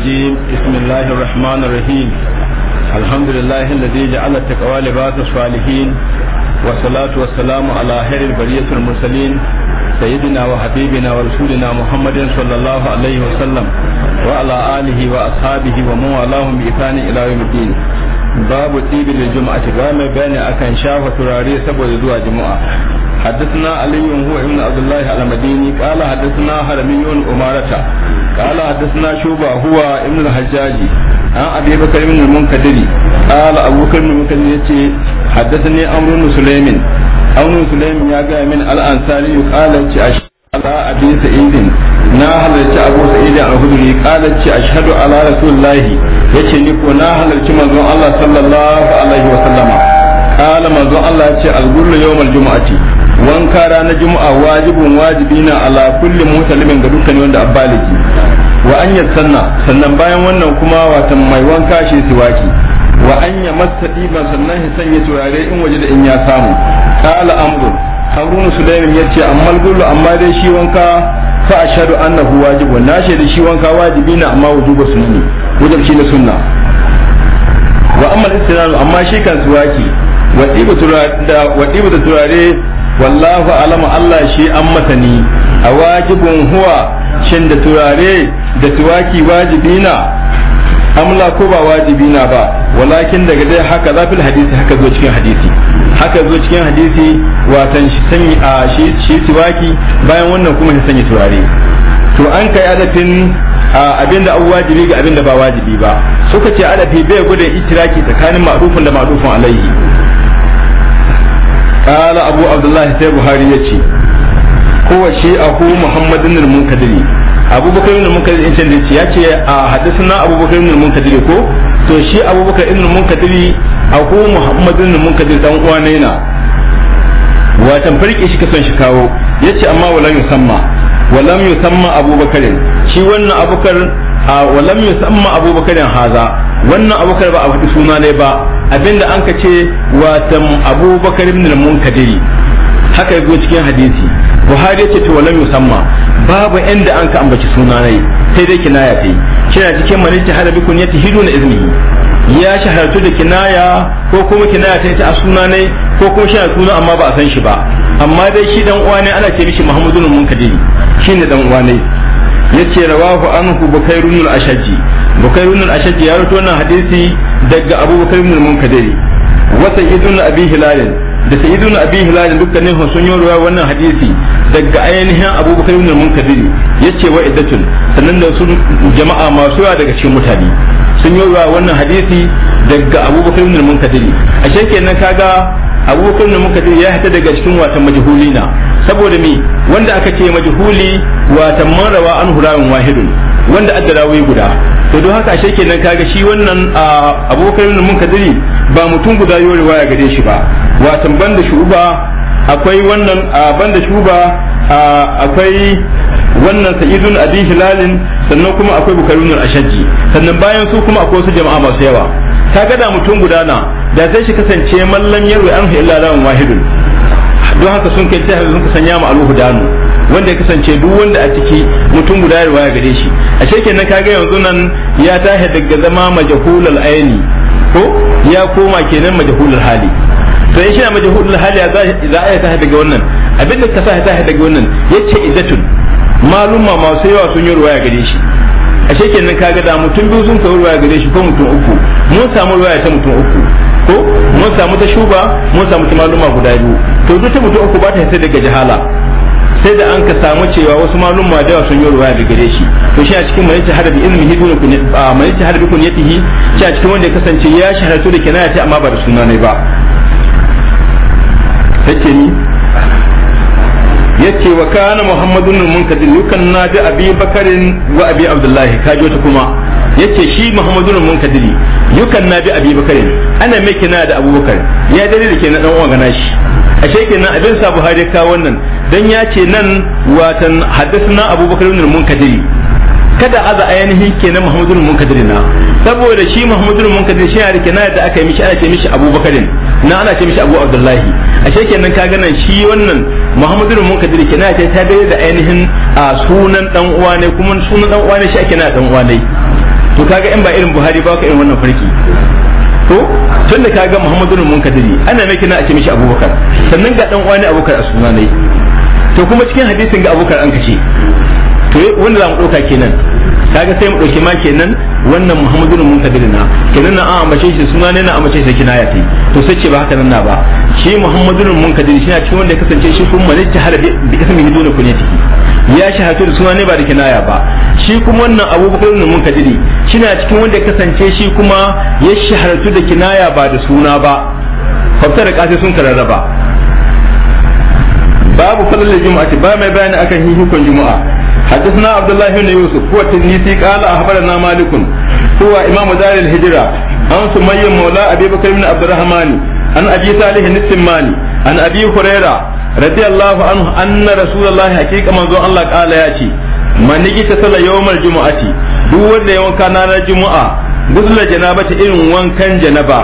الرجيم بسم الله الرحمن الرحيم الحمد لله الذي جعل التقوى لباس الصالحين والصلاة والسلام على خير البرية المرسلين سيدنا وحبيبنا ورسولنا محمد صلى الله عليه وسلم وعلى آله وأصحابه ومن والاهم بإحسان إلى يوم الدين باب الطيب للجمعة قام بين أكن شاف تراري سبو جمعة حدثنا علي هو ابن عبد الله المديني قال حدثنا هرمي أمارة قال حدثنا شوبة هو ابن الحجاج عن أبي بكر بن المنكدر قال أبو بكر بن المنكدر حدثني أمر بن سليم أمر بن سليم يا من الأنصاري قال على أبي سعيد na halarci abu sa'id al-hudri qalat ce ashhadu ala rasulullah yace ni ko na halarci manzon Allah sallallahu alaihi wa qala manzon Allah ce al-gurru yawmal wanka ranar juma'a wajibin wajibi na ala kulli musallimin ga dukkan wanda abbaliki wa an sanna sannan bayan wannan kuma watan mai wanka shi siwaki wa an ya masta ba sannan shi sanya turare in waje da in ya samu ƙala amru harun sulaiman ya ce amma gullu amma dai shi wanka fa ashadu annahu wajibun na shi da shi wanka wajibi na amma wujuba sunni shi na sunna wa amma istinanu amma shi kan siwaki wa ɗiba da turare wallahu alama Allah shi an masani a wajibin huwa shin da turare da tuwaki wajibi na amla ko ba wajibi na ba walakin daga dai haka zafil hadisi haka zo cikin hadisi haka zo cikin hadisi watan shi sanyi a shi shi tuwaki bayan wannan kuma shi sanyi turare to an kai adafin abinda an wajibi ga abinda ba wajibi ba suka ce adafi bai gudun itiraki tsakanin ma'rufin da ma'rufin alaihi qala abu abdullahi sai buhari yace huwa shi ahu muhammadin al-munkadiri abubakar ibn al-munkadiri in can yace yace a hadisuna abubakar ibn al-munkadiri ko to shi abubakar ibn al-munkadiri ahu muhammadin al-munkadiri dan uwa ne na watan farki shi kasan shi kawo yace amma wala yusamma walam shi wannan a walam yusamma abubakarin haza wannan abubakar ba a faɗi suna ne ba abinda an ka ce watan abubakar ibn al-munkadiri haka yago cikin hadisi buhari yace to walam yusamma babu inda an ka ambaci suna ne sai dai kinaya kai kina cikin manita harabi kun hidu hiduna izmihi ya shahartu da kinaya ko kuma kinaya ta ita a suna ne ko kuma shi suna amma ba a san shi ba amma dai shi dan uwa ne ana ce mishi muhammadun munkadiri shine dan uwa ne yace rawahu anhu bukairun al-ashji bukairun al-ashji ya rawaito wannan hadisi daga abubakar ibn munkadiri wa sayyidun abi hilal da sayyidun abi hilal dukkanin su sun yi wannan hadisi daga ainihin abubakar ibn munkadiri yace wa iddatun sannan da su jama'a masu yawa daga cikin mutane sun yi wannan hadisi daga abubakar ibn munkadiri ashe kenan kaga abubakar ibn munkadiri ya hita daga cikin watan majhulina saboda mi wanda aka ce majhuli wa tamman rawa an hurawin wahidun wanda addarawi guda to don haka ashe kenan kaga shi wannan abokan mun kadiri ba mutum guda yau riwaya gare shi ba watan banda shuba akwai wannan banda shuba akwai wannan sa'idun abi hilalin sannan kuma akwai bukarunul ashaji sannan bayan su kuma akwai su jama'a masu yawa ta gada mutum guda na da sai shi kasance mallan yarwi an illa lawan wahidun don haka sun kai jihar sun sanya mu danu wanda ya kasance duk wanda a ciki mutum guda ya riwaya gare shi ashe kenan kaga yanzu nan ya tashi daga zama majhulul aini ko ya koma kenan majhulul hali to in shi na majhulul hali za a tashi daga wannan abinda ka sa tashi daga wannan yace izatun ma masu yawa sun yi riwaya gare shi ashe na kaga da mutum biyu sun kawo riwaya gare shi ko mutum uku mun samu riwaya ta mutum uku ko mun samu ta shuba mun samu ta maluma guda biyu to duk ta mutum uku ba ta daga jahala sai da an ka samu cewa wasu ma da sun yi ruwaya da gare shi to shi a cikin mai ta hadabi ilmi hidun kun mai ta hadabi kun yatihi shi a cikin wanda ya kasance ya shaharatu da kenan ta amma ba da sunna ne ba take ni yace wa kana muhammadun munkadin yukan na bi abi bakarin wa abi abdullahi kaje ta kuma yace shi muhammadun munkadin yukan na bi abi bakarin ana mai kina da abubakar ya dalili ke na dan uwan gana shi ashe kenan abin sa buhari ka wannan dan ya ce nan watan haddathna abubakar ibn munkadiri kada aza ainihin kenan muhammadu ibn munkadiri na saboda shi muhammadu ibn munkadiri shi ya rike na da aka yi mishi ana ce mishi abubakarin na ana ce mishi abu abdullahi ashe nan ka ganan shi wannan muhammadu ibn munkadiri kenan na ce ta da ainihin a sunan dan uwa ne kuma sunan dan uwa ne shi ake na dan uwa ne to kaga in ba irin buhari ba ka irin wannan farki to tun da kaga muhammadu munkadiri ana mai kina a ce mishi abubakar sannan ga dan uwani abubakar a suna ne to kuma cikin hadisin ga abubakar an kace to wanda za mu dauka kenan kaga sai mu dauki ma kenan wannan muhammadu munkadiri na kenan na an ambace shi suna ne na ambace shi ya tai to sai ce ba haka nan na ba shi muhammadu munkadiri shi na cikin wanda ya kasance shi kuma ne ta da bi hidu dole kunyati ya shahatu da suna ne ba da kinaya ba shi kuma wannan abubakar ibn shi shina cikin wanda ya kasance shi kuma ya shahartu da kinaya ba da suna ba fafta da kasi sun kararraba babu juma'a ce ba mai bayani akan hihikon juma'a حدثنا عبد الله بن يوسف هو التنيسي قال اخبرنا مالك هو امام دار الهجره عن سمي مولى ابي بكر بن عبد الرحمن عن ابي صالح السماني عن ابي هريره رضي الله عنه ان رسول الله حقيقه منذ الله قال ياتي man nigita sala yawmal jumu'ati duk wanda ya wanka ranar jumu'a gusla janaba ta irin wankan janaba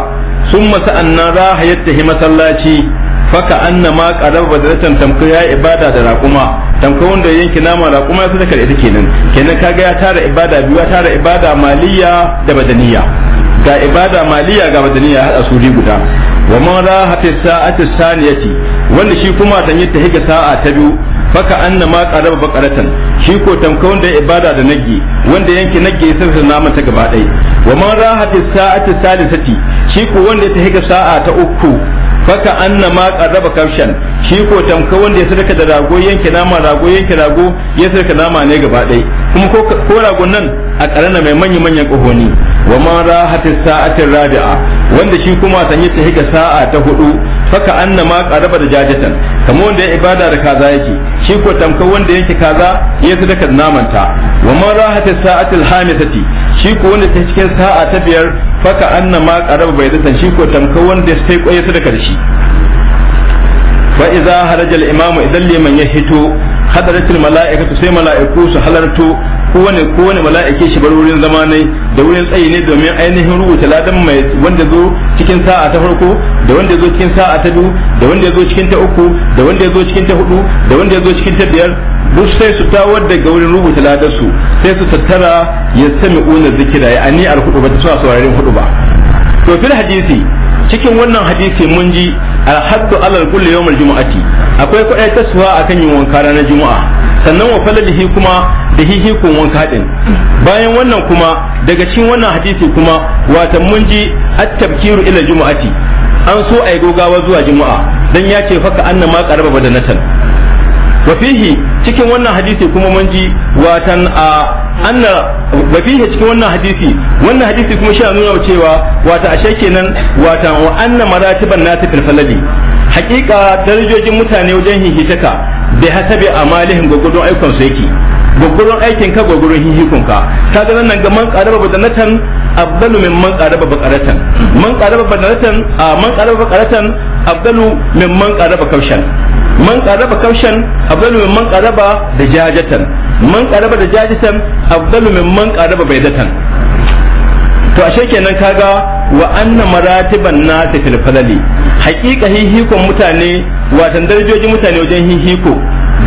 za a raha yattahi masallaci faka anna ma qaraba badratan tamka ya ibada da raquma tamkar wanda yanki nama raquma ya sadaka ita kenan kenan kaga ya tara ibada biyu ya tara ibada maliya da badaniya ga ibada maliya ga badaniya hada suri guda wa man raha fi sa'ati saniyati wanda shi kuma tan yattahi ga sa'a ta biyu faka anna ma qaraba baqaratan shi ko tamka wanda ibada da nagge wanda yanke nagge sai sa naman ta gaba dai wa man rahati sa'ati salisati shi ko wanda ta hika sa'a ta uku faka anna ma qarraba kafshan shi ko tamka wanda ya sadaka da rago yanke nama rago yanke rago ya sadaka nama ne gaba ɗaya kuma ko ragon nan a karana mai manya manyan kohoni wa ma rahati sa'atin rabi'a wanda shi kuma sanye ta higa sa'a ta hudu faka anna ma qarraba da jajatan kamar wanda ya ibada da kaza yake shi ko tamka wanda yake kaza ya sadaka da namanta wa ma rahati sa'atil hamisati shi ko wanda ta cikin sa'a ta biyar faka anna ma qaraba baydatan shi ko tamka wanda ya sai koyi da karshe fa idza harajal imamu idan liman ya hito hadaratul mala'ikatu sai mala'iku su halarto ko wani mala'ike shi bar wurin zama ne da wurin tsayi ne domin ainihin rubuta ladan mai wanda zo cikin sa'a ta farko da wanda zo cikin sa'a ta biyu da wanda zo cikin ta uku da wanda zo cikin ta hudu da wanda zo cikin ta biyar duk sai su tawar daga wurin rubuta su sai su tattara ya sami una zikira ya ani al hudu ba ta saurarin hudu ba to fil hadisi cikin wannan hadisi mun ji al haddu alal kulli yawmal jumu'ati akwai kuɗai taswa akan yin wanka ranar juma'a sannan wa falalihi kuma da hihikun wanka din bayan wannan kuma daga cikin wannan hadisi kuma wata mun ji at-tabkiru ila jumu'ati an so ai gogawa zuwa juma'a dan ya ce faka annama qaraba badanatan wa fihi cikin wannan hadisi kuma mun ji watan a anna wa fihi cikin wannan hadisi wannan hadisi kuma shi nuna cewa wata ashe kenan watan wa anna maratiban nasi fil falali hakika darajojin mutane wajen hihitaka bi hasabi amalihim gogodon aikon su yake gogodon aikin ka gogodon hihikun ka ta ga nan ga man qaraba badanatan afdalu min man qaraba baqaratan man qaraba badanatan man qaraba baqaratan afdalu min man qaraba kaushan man qaraba kawshan afdalu min man qaraba da jajatan man qaraba da jajatan afdalu min man qaraba baydatan to ashe kenan kaga wa anna maratiban nasi fil falali haqiqa hihikon mutane watan darajoji mutane wajen hihiko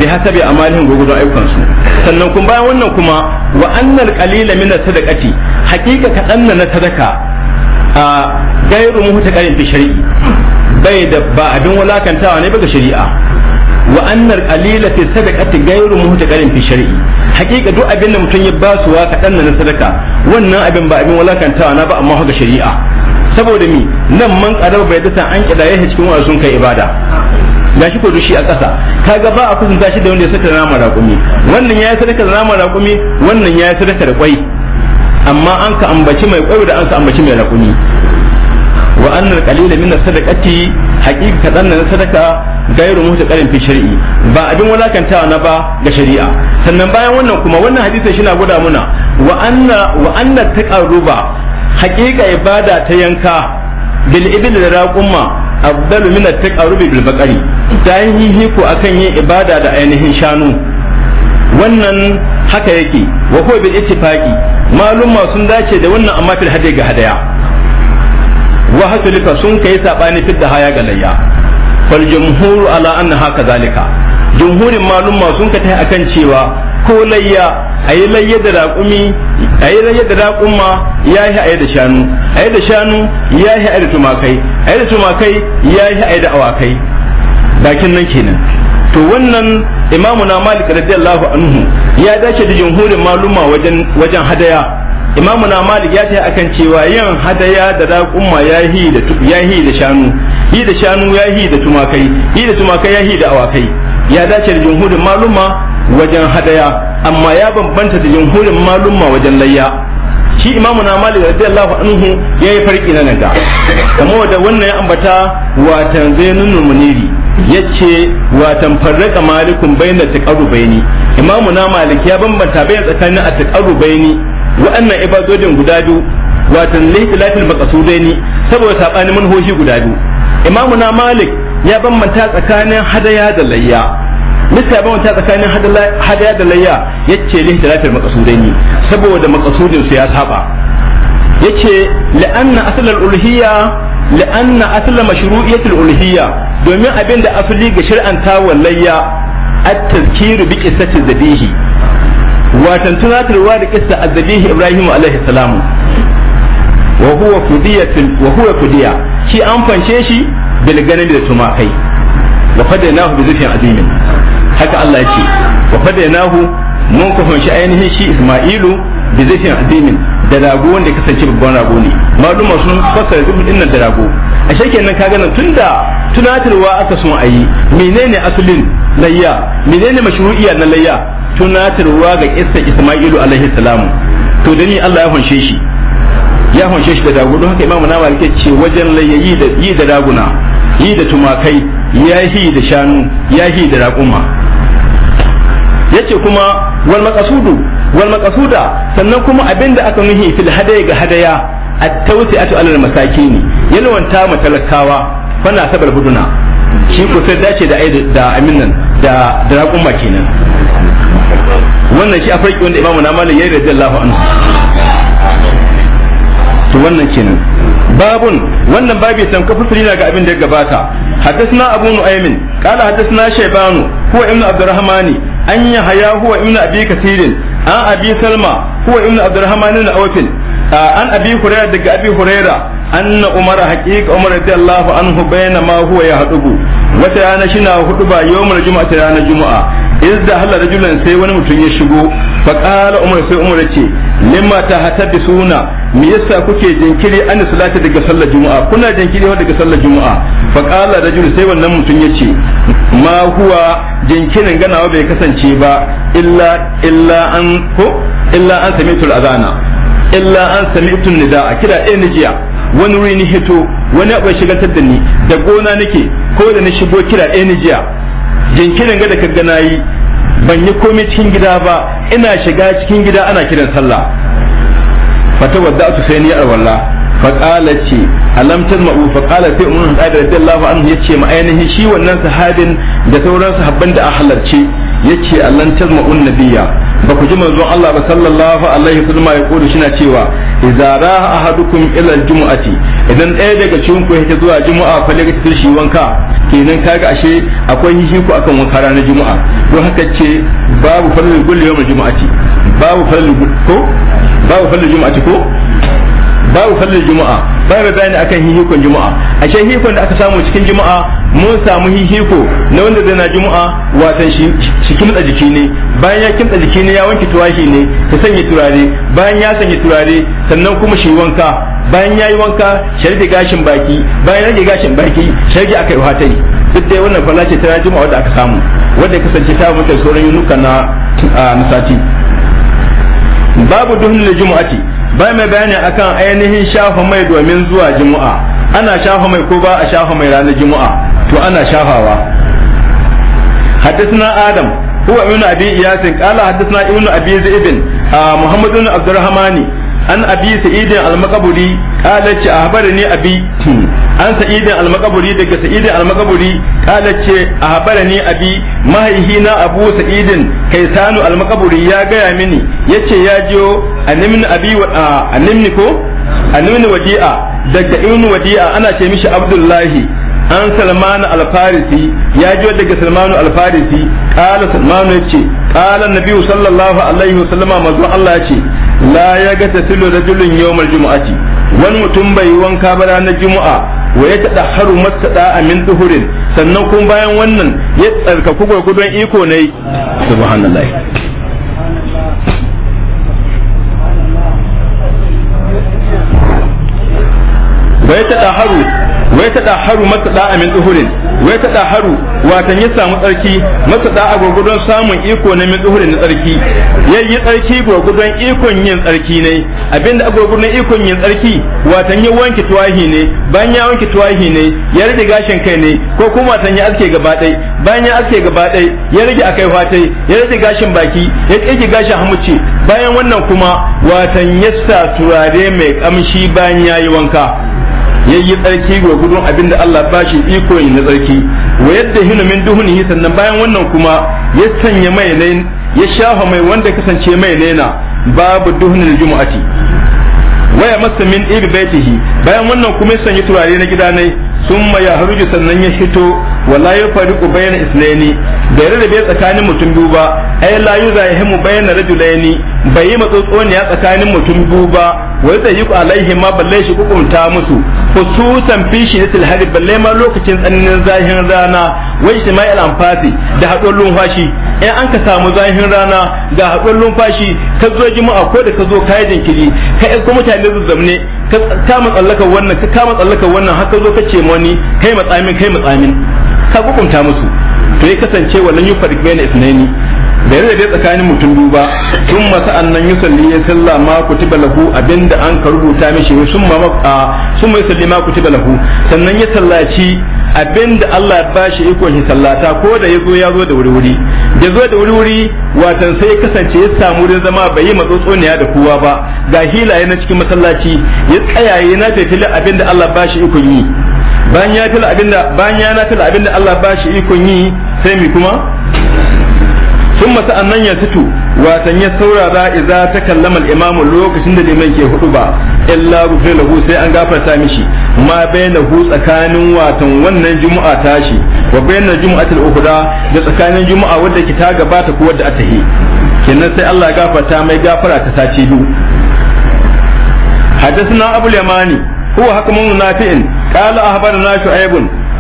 bi hasabi amalin gurgudun ayyukan su sannan kuma bayan wannan kuma wa annal qalila min sadaqati haqiqa kadan na sadaka a gairu muhtaqarin fi shari'i bai da ba abin walakantawa ne ba ga shari'a wa annar qalila fi sadaqati ghayru muhtaqarin fi shar'i hakika duk abin da mutum ya ba su wa kadan na sadaka wannan abin ba abin walakantawa na ba amma ga shari'a saboda mi nan man qadar bai da an kidaya shi cikin wa'azun kai ibada gashi ko dushi a ƙasa kaga ba a kusanta shi da wanda ya saka nama raƙumi wannan ya sadaka da nama raƙumi wannan ya sadaka da kwai amma an ka ambaci mai kwai da an ka ambaci mai raƙumi wa annal qalila min sadaqati hakika kaɗan na sadaka gairu mutu ƙarin fi shari'i ba abin walakantawa na ba ga shari'a sannan bayan wannan kuma wannan hadisin shi na gwada muna wa anna wa anna taqarruba haƙiƙa ibada ta yanka bil ibil da raqumma afdalu min at-taqarrubi bil baqari dan yi hiku akan yin ibada da ainihin shanu wannan haka yake wa huwa bil ittifaqi malum sun dace da wannan amma fil hadi ga hadaya wa hasulika sun kai sabani fidda haya ga layya fal jumhur ala anna haka zalika jumhurin malumma sun ka tai akan cewa ko layya ayi layya da raƙumi ayi layya da raƙumma yahi ayi da shanu ayi da shanu yahi ayi da tumakai ayi da tumakai yahi ayi da awakai bakin nan kenan to wannan imamu na malik radiyallahu anhu ya dace da jumhurin maluma wajen wajen hadaya imamu na malik ya ce akan cewa yin hadaya da raƙumma ya yi da da shanu yi da shanu ya yi da tumakai yi da tumakai ya yi da awakai ya dace da jumhurin maluma wajen hadaya amma ya bambanta da jumhurin maluma wajen layya shi imamu na malik radiyallahu anhu ya yi farki na naga kuma da wannan ya ambata watan zainun muniri ce watan farraka malikun bayna taqarrubaini imamu na malik ya bambanta bayan tsakanin at-taqarrubaini wa'annan ibadodin guda biyu wato lafil makasudaini saboda sabani manhoji guda biyu imamu na malik ya bambanta tsakanin hadaya da layya mista ya bambanta tsakanin hadaya da layya yace lafil makasudaini saboda makasudin su ya saba yace la'anna asalul ulhiya la'anna asla mashru'iyatul ulhiya domin abin da asali ga shir'anta wallayya at-tazkiru bi qissati dhabihi watan tunatarwa da kissa azzabihi ibrahim alaihi salamu wa huwa kudiyatin wa huwa kudiya shi an fanshe shi bil ganami da tumakai wa fadainahu bi zufin azimin haka Allah yake wa fadainahu mun ku fanshi ainihin shi isma'ilu bi zufin azimin da rago wanda kasance babban rago ne maluma sun fassara duk dinnan da rago a ka kaga nan tunda tunatarwa aka son ayi menene asulin layya menene mashru'iyya na layya tunatarwa ga isa Isma'ilu alaihi salamu to dani Allah ya hunshe shi ya hunshe shi da dagudu haka imamu na malike ce wajen layayi da yi da daguna yi da tumakai ya yi da shanu ya yi da raƙuma yace kuma wal maqasudu wal maqasuda sannan kuma abinda aka nuhi fil hadaya ga hadaya at-tawsi'atu alal masakini yalwanta matalakawa fana sabal huduna shi ko sai dace da da aminan da da raƙuma kenan wannan shi a farki wanda imamu na malik yayi radiyallahu anhu to wannan kenan babun wannan babu ya tamka fusri daga abin da ya gabata حدثنا أبو نعيم قال حدثنا شيبان هو ابن عبد الرحمن أن يحيى هو ابن أبي كثير an abi salma huwa ibnu abdurrahman ibn awfil an abi hurayra daga abi hurayra anna umara haqiqa umar radiyallahu anhu bayna ma huwa ya hadubu wata yana shina hudu ba juma'a ta yana juma'a izda hala rajulan sai wani mutum ya shigo fa qala umar sai umar yace limma ta suna me yasa kuke jinkiri an salati daga sallar Juma'a kuna jinkiri daga sallar Juma'a fa qala rajul sai wannan mutum yace ma huwa jinkirin ganawa bai kasance ba illa illa an ko illa an sami'tul azana illa an nida'a kira ɗaya nijiya wani wuri ni hito wani abu shigantar da ni da gona nake ko da na shigo kira ɗaya nijiya jinkirin ga da ka gana yi ban yi komai cikin gida ba ina shiga cikin gida ana kiran sallah fatawadda su sai ni arwallah faƙala ce alamtar ma'u faƙala sai umarun da radiyallahu an ya ce ma'ainihin shi wannan sahabin da sauran sahabban da a halarce ya ce alantar ma'un nabiya ba ku ji manzon Allah ba sallallahu alaihi wasallam ya kodi shi na cewa idza raha ahadukum ila aljum'ati idan ɗaya daga cikin ku yake zuwa juma'a fa daga cikin shi wanka kenan kaga ashe akwai hishi ku akan wanka ranar juma'a don haka ce babu farlin gulli yawm aljum'ati babu farlin ko babu farlin juma'ati ko babu sallar juma'a babu bayani akan hihikon juma'a a shi hihikon da aka samu cikin juma'a mun samu hihiko na wanda zai na juma'a watan shi kimtsa jiki ne bayan ya kimtsa jiki ne ya wanke tuwashi ne ta sanya turare bayan ya sanya turare sannan kuma shi wanka bayan ya yi wanka sharge gashin baki bayan rage gashin baki sharge aka yi hatari duk dai wannan falla ce ta juma'a wanda aka samu wanda ya kasance ta mutar sauran yunuka na sati babu duhun da ce. ba mai bayani akan ainihin shafa mai domin zuwa jimu'a ana shafa mai ko ba a shafa mai ranar jimu'a to ana shafawa حدثنا آدم هو ابن أبي إياس قال حدثنا ابن أبي زئب محمد بن عبد الرحمن an abi sa'idin al-maqburi qala ce ahbarani abi an sa'idin al-maqburi daga sa'idin al-maqburi qala ce ahbarani abi mahaihina abu sa'idin kaisanu al-maqburi ya gaya mini yace ya jiyo animni abi wa animni ko animni wadi'a daga ibn wadi'a ana ce mishi abdullahi an salmanu alfarisi ya ji daga salmanu alfarisi kala salmanu ya ce kala nabi sallallahu alaihi wasallama mazu Allah ya ce la ya ga da rajulun yawmal jumu'ati wani mutum bai wanka ba ranar juma'a wa ya taɗa haru mastaɗa a min sannan kuma bayan wannan ya tsarkaku gwargudon iko ne subhanallah wa ya taɗa wai ta daharu mata da amin duhurin wai ta daharu watan ya samu tsarki masa da agwagudon samun iko na min zuhurin na tsarki yayi tsarki gwagudon ikon yin tsarki ne abinda agwagudon ikon yin tsarki watan ya wanke tuwahi ne bayan ya wanke tuwahi ne ya rage gashin kai ne ko kuma watan ya aske gaba ɗai bayan ya aske gaba ɗai ya rage akai fatai ya rage gashin baki ya rage gashin hamuci bayan wannan kuma watan ya sa turare mai kamshi bayan ya yi wanka yayi tsarki ga gudun abinda Allah ba shi iko yin na tsarki wa yadda hinu min duhunihi sannan bayan wannan kuma ya sanya mai ne ya shafa mai wanda kasance mai na babu duhunin jumu'ati waya masa min ibi baitihi bayan wannan kuma ya sanya turare na gidanai summa ya haruji sannan ya fito wala ya fariqu bayna islaini bai rarrabe tsakanin mutum biyu ba ai mu yuzahimu bayna rajulaini bai yi matsotsoniya tsakanin mutum biyu ba wa yutahiqu alaihi ma balle shi hukunta musu khususan fi shiddatil hari balle ma lokacin tsananin zahin rana wa ijtima'il anfasi da haɗuwar lunfashi. in an ka samu zahin rana ga haɗuwar lumfashi ka zo a ko da ka zo kayi jinkiri ka yi mutane zazzamne ka kama tsallakar wannan ka kama tsallaka wannan haka zo ka ce wani kai matsamin kai matsamin ka hukunta musu to ya kasance wallan yu farik bayna isnaini bai rage tsakanin mutum duba sun masa annan salli ya salla ma kutiba lahu abinda an ka rubuta mishi sun ma sun mai salli ma kutiba lahu sannan ya sallaci abinda Allah ya bashi ikon shi sallata ko da yazo ya zo da wuri wuri da zo da wuri wuri watan sai kasance ya samu wurin zama bai yi matsotsoniya da kowa ba ga hilaye na cikin masallaci ya tsayaye na tafi abinda Allah bashi ikon yi bayan ya tala abinda bayan ya na abinda Allah bashi ikon yi sai mi kuma sun masa annan ya tutu watan ya saurara idza ta kallama al lokacin da liman ke hudu ba illa rufe lahu sai an gafarta mishi ma bainahu tsakanin watan wannan juma'a tashi wa bainar juma'atul ukhra da tsakanin juma'a wadda ki ta gabata ko wadda ta yi kenan sai Allah gafarta mai gafara ta sace du حدثنا أبو اليماني هو حكم نافع قال أخبرنا شعيب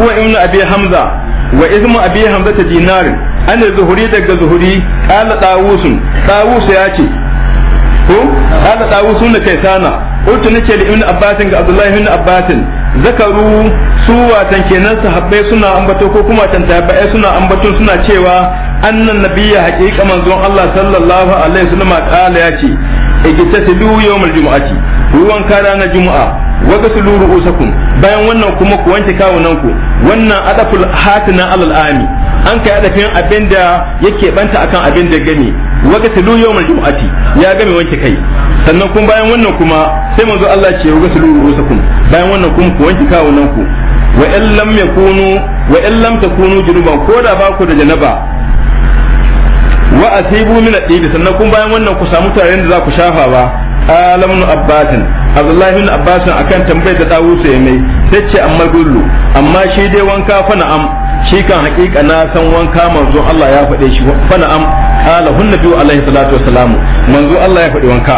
هو ابن أبي حمزة وإسم أبي حمزة دينار أن الزهري دق الزهري قال طاووس طاووس ياتي ko kada dawo sun da kaisana utu nake da ibn abbasin ga abdullahi ibn abbasin zakaru su watan kenan sahabbai suna ambato ko kuma tan tabi'ai suna ambato suna cewa annan nabiyya haqiqa manzon Allah sallallahu alaihi wasallam kala yace igitasilu yawmal jumu'ati ruwan kara na jumu'a wa gasulu ru'usakum bayan wannan kuma ku wanke kawunanku ku wannan adaful hatina alal ami an kai adafin abinda yake banta akan abin da gani wa gasulu yawmal jum'ati ya game wanke kai sannan kuma bayan wannan kuma sai manzo Allah ce wa gasulu ru'usakum bayan wannan kuma ku wanke kawunanku ku wa in lam yakunu wa in lam takunu junuban ko da ba ku da janaba wa asibu min adibi sannan kuma bayan wannan ku samu tarin da za ku shafa ba alamnu abbasin abdullahi bin abbas akan tambayar da dawusu sai mai sai ce amma gullu amma shi dai wanka fa na'am shi kan hakika na san wanka manzo Allah ya faɗe shi fa na'am qala hunna bi alaihi salatu wassalamu manzo Allah ya faɗi wanka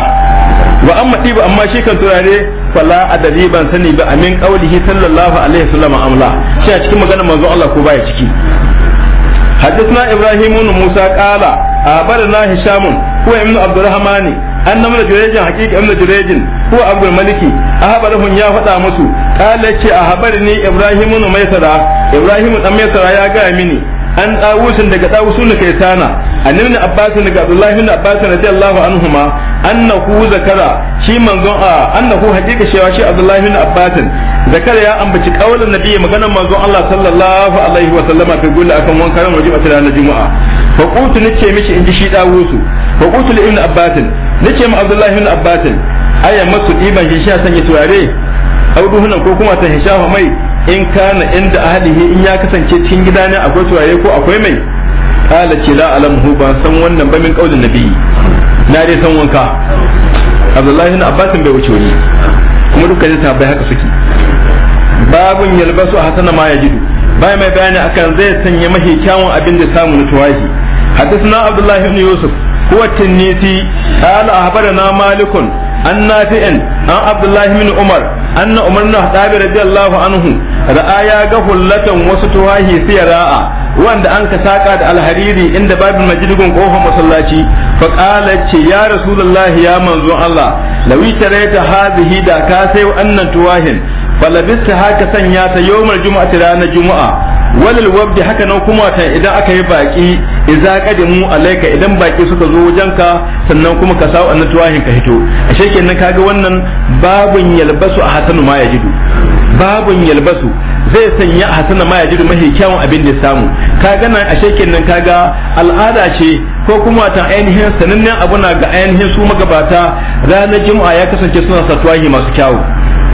wa amma diba amma shi kan turare fala adabi ban sani ba amin qaulihi sallallahu alaihi wasallam amla shi a cikin magana manzo Allah ko baya ciki حدثنا إبراهيم بن موسى قال أخبرنا هشام هو ابن عبد الرحمن أن ابن جريج حقيقة ابن جريج هو عبد الملك أخبرهم يا فتى مسو قال لك أخبرني إبراهيم بن ميسرة إبراهيم بن ميسرة يا قائمني an dawusin daga dawusun da kai sana annabi abbas daga abdullahi ibn abbas radiyallahu anhuma annahu zakara shi manzon a annahu hakika cewa shi abdullahi ibn abbas zakara ya ambaci kaulin nabi maganar manzon Allah sallallahu alaihi wa sallama fi gulla akan wankaran wajiba ta ranar juma'a fa qultu nace mishi inji shi dawusu fa qultu li ibn abbas nace ma abdullahi ibn abbas ayya masu diban shi sha sanya turare auduhunan ko kuma ta hishafa mai in kana inda ahlihi in ya kasance cikin gida ne akwai turare ko akwai mai kala ce la alamhu ba san wannan ba min kaulin nabi na dai san wanka abdullahi ibn abbas bai wuce wani kuma duka ne tabbai haka suke babun yalbasu hasana ma yajidu bai mai bayani akan zai sanya mahi kyawun abin da samu na tuwahi Abdullahi عبد Yusuf. بن يوسف هو التنيسي قال أخبرنا مالك an abdullahi ibn umar anna umar bin khattab radiyallahu anhu ra'a ya ga hullatan wasu tuwahi sai ra'a wanda an ka saka da alhariri inda babu majidin kofar masallaci fa ya rasulullahi ya manzon Allah lawi tarayta hadhihi da ka sai wannan tuwahin falabista haka sanya ta yawmar jumu'ati ranar juma'a walil wabdi haka na kuma ta idan aka yi baki idza mu alaika idan baƙi suka zo wajenka sannan kuma ka sawo annatuwahin ka hito ashe kenan kaga wannan babun yalbasu a hasanu ma yajidu babun yalbasu zai sanya a hasanu ma yajidu mahi kyawun abin da samu ka gana kaga nan ka kenan ga al'ada ce ko kuma ta ainihin sanannen abuna ga ainihin su magabata ranar juma'a ya kasance suna satuwahi masu kyawu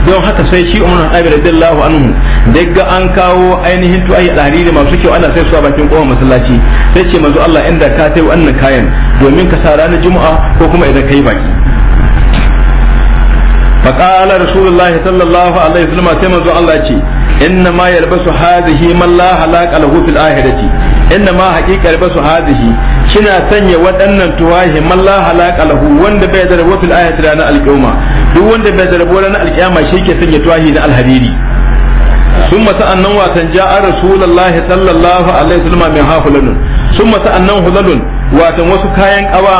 don haka sai shi umar da dillahu anhu daga an kawo ainihin tuwahi alhariri masu kyau ana sai su a bakin kowa masallaci sai ce manzo Allah inda ka tayi wannan kayan domin ka sa ranar juma'a ko kuma idan ka yi baki فقال رسول الله صلى الله عليه وسلم تمز الله شيء إنما يلبس هذه من لا هلاك له في الآخرة إنما حقيقة يلبس هذه kina sanya waɗannan tuwahi man la halaka lahu wanda bai da rabo fil ayati ranar alƙiyama duk wanda bai da rabo ranar alƙiyama shi ke sanya tuwahi na alhariri ثم سأنن واتن جاء رسول الله صلى الله عليه وسلم من ها هلل ثم سأنن هلل واتن وسكاين قوا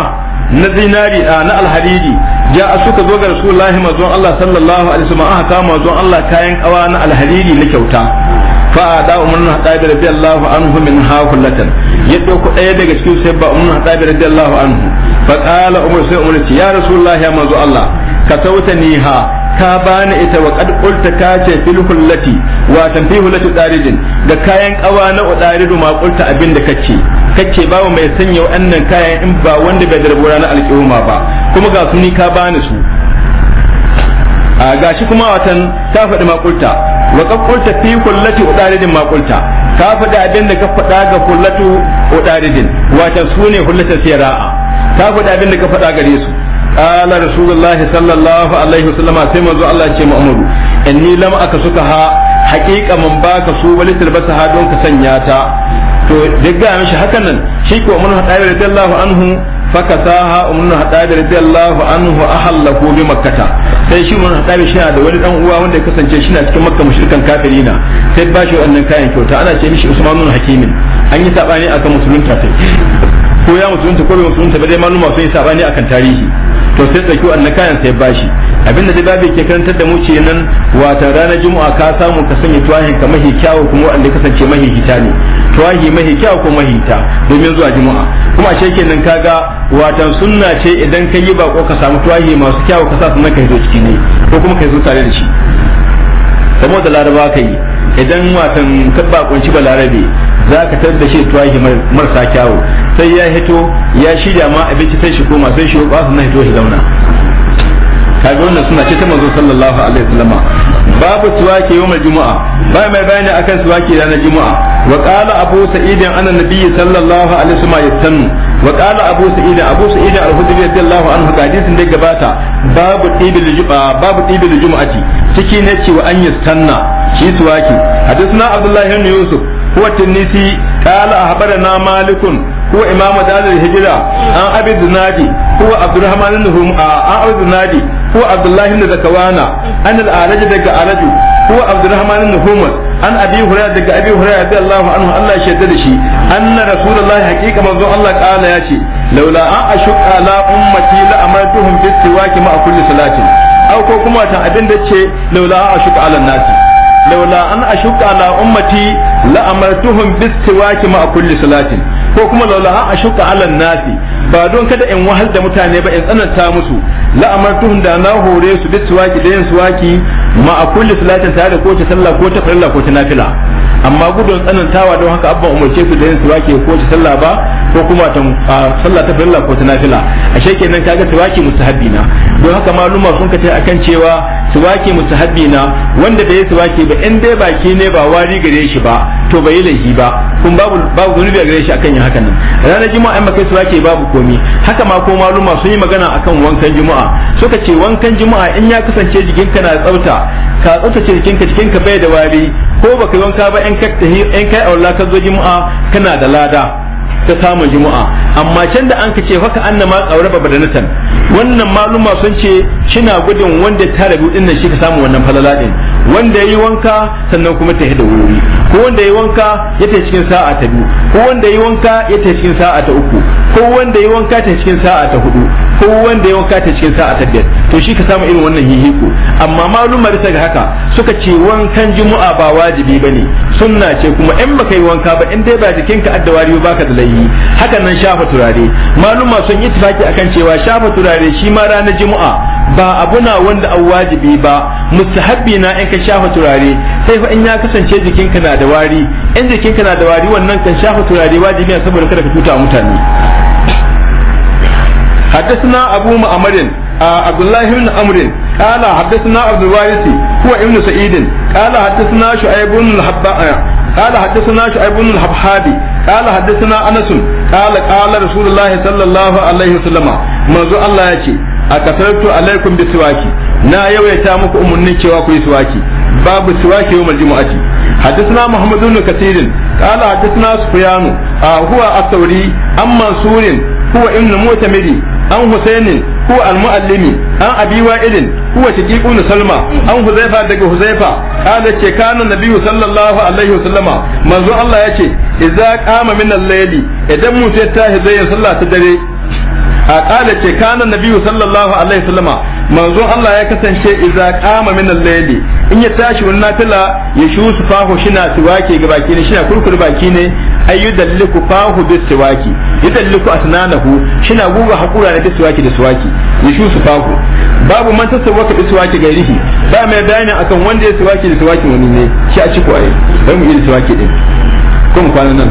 na zinari na alhariri a suka zo ga rasulullahi mazon Allah sallallahu alaihi wasallam aka kama mazon Allah kayan kawa na alhariri na kyauta fa a da umar na hadabi radiyallahu anhu min ha kullatan ya dauko daya daga cikin sai ba umar hadabi radiyallahu anhu fa qala umar sai umar ya rasulullahi ya mazon Allah ka sauta ni ha ka bani ita wa kad qulta ka ce fil hullati wa tanfihu lati daridin da kayan kawa na udaridu ma qulta abin da kace kace babu mai sanya wannan kayan in ba wanda bai da rabuwa na alƙiyuma ba kuma ga suni ka bani su a gashi kuma watan ka faɗi makulta wa ka kulta fi kullati udaridin makulta ka faɗi abin da ka faɗa ga kullatu udaridin watan su ne kullata sira'a ka faɗi abin da ka faɗa gare su qala rasulullahi sallallahu alaihi wasallama sai manzo Allah ce mu amuru inni lam aka suka ha haƙiƙa man baka su wani tilbasa ha don ka sanya ta to jigga mishi hakan nan shi ko mun da radiyallahu anhu fakasaha hada da radiyallahu anhu ko bi makkata sai shi mun hada shi da wani dan uwa wanda ya kasance shi na cikin makka mushrikan kafirina sai ba shi wannan kayan kyauta ana ce mishi usman bin hakimin an yi sabani akan musulunta sai ko ya musulunta ko bai musulunta ba dai maluma sun yi sabani akan tarihi to sai tsaki wannan kayan sai bashi abinda da babu ke karantar da mu ce nan wata ranar juma'a ka samu ka sanya tuwahin ka mahi kyawu kuma wanda kasance mahi hita ne tuwahi mahi kyau ko mahita domin zuwa juma'a kuma ashe kenan kaga watan sunna ce idan ka yi bako ka samu tuwahi masu kyau ka sa sannan ka zo ciki ne ko kuma ka zo tare da shi da laraba ka yi idan watan ka bakunci Larabe za ka tar da shi tuwahi marasa kyau sai ya hito ya shirya ma abinci sai shi koma sai shi ba sannan hito shi zauna kaga wannan suna ce ta manzo sallallahu alaihi wasallama babu tuwaki yawmal juma'a ba mai bayani akan suwaki ranar juma'a wa qala abu sa'id an annabi sallallahu alaihi wasallam yastannu wa qala abu sa'id abu sa'id al-khudri radiyallahu anhu hadisin da gabata babu tibil juma'a babu tibil juma'ati ciki ne ce wa an yastanna shi suwaki hadisna abdullahi ibn yusuf هو التنسي قال أخبرنا مالك هو إمام دار الهجرة عن أبي الزنادي هو عبد الرحمن بن عن أبي الزنادي هو عبد الله بن زكوانا أن هو عبد الرحمن بن هومر عن ابي هريره دغ ابي هريره رضي الله عنه الله يشهد da shi anna rasulullahi haqiqa manzo Allah kala yace laula an ashqa ala ummati la amartuhum bi siwaki ma kulli salatin aw ko kuma ta abin da laula an ashqa ala nasi laula an ashqa ala ummati la amartuhum ko kuma laula an ashuka ala nasi ba don kada in wahal da mutane ba in tsananta musu la'amartuhum da na hore su bi siwaki da yin ma a kulli salatin tare da kowace sallah ko ta farilla ko ta nafila amma gudun tsanantawa don haka abban umarce su da yin suwake ko ta sallah ba ko kuma ta sallah ta farilla ko ta nafila ashe kenan kaga tawaki mustahabbi na don haka maluma sun kace akan cewa tawaki mustahabbi na wanda bai tawaki ba in dai baki ne ba wari gare shi ba to bai laifi ba kun babu babu zunubi gare shi akan yin haka nan ranar juma'a an baka tawaki babu komi haka ma ko maluma sun yi magana akan wankan juma'a suka ce wankan juma'a in ya kasance jikinka na tsafta ka tsaftace jikinka jikinka bai da wari ko baka wanka ba in ka in kai aula ka zo juma'a kana da lada ta kama juma'a amma can da an ka ce haka annama ba badanatan wannan maluma sun ce na gudun wanda ta rabu din nan shi ka samu wannan falala din wanda yayi wanka sannan kuma ta da wuri ko wanda yayi wanka ya ta cikin sa'a ta biyu ko wanda yayi wanka ya ta cikin sa'a ta uku ko wanda yayi wanka ta cikin sa'a ta hudu ko wanda ya wanka ta cikin sa'a ta biyar to shi ka samu irin wannan hihiku amma malumar ta ga haka suka ce wankan jumu'a ba wajibi bane sunna ce kuma in baka yi wanka ba in dai ba jikinka adda wariyo ba ka da laifi hakan nan shafa turare maluma sun yi tafaki akan cewa shafa turare shi ma ranar jumu'a ba abu na wanda an wajibi ba mustahabbi na in ka shafa turare sai fa in ya kasance jikinka na da wari in jikinka na da wari wannan kan shafa turare wajibi ne saboda kada ka tuta mutane حدثنا أبو معمر عبد الله بن عمرو قال حدثنا عبد الوارث هو ابن سعيد قال حدثنا شعيب بن الحباء قال حدثنا شعيب بن الحبحابي قال حدثنا أنس قال قال رسول الله صلى الله عليه وسلم منذ الله يجي a kasar tu aleikum bisuwa ki na yawaita maku umarnin cewa ku yi suwa babu suwa ki ko ma zi mu aci hadad suna muhammadun katilin kala hadad suna sufuyamu a sauri an masurin ku wa inu mutumidi an husainin ku wa an abi irin ku wacce jikunmu salma an huzaifa daga huzaifa kala ce kanana biyu sallallahu alaihi wa salama mace allah ya ce idan kama min nala yadi idan musu ya tahi zai yi sallar dare. a kala ce kana nabi sallallahu alaihi wasallama manzo Allah ya kasance idza qama min al-layli in ya tashi wannan nafila ya shusu fahu shina siwaki ga baki ne shina kurkur baki ne ayu dalliku fahu bi siwaki yadalliku asnanahu shina guga hakura ne bis siwaki da siwaki ya shusu fahu babu man tasawwaka bis siwaki gairihi ba mai dani akan wanda ya siwaki da siwaki wani ne shi a ci kwaye bai mu yi siwaki din kun kwana nan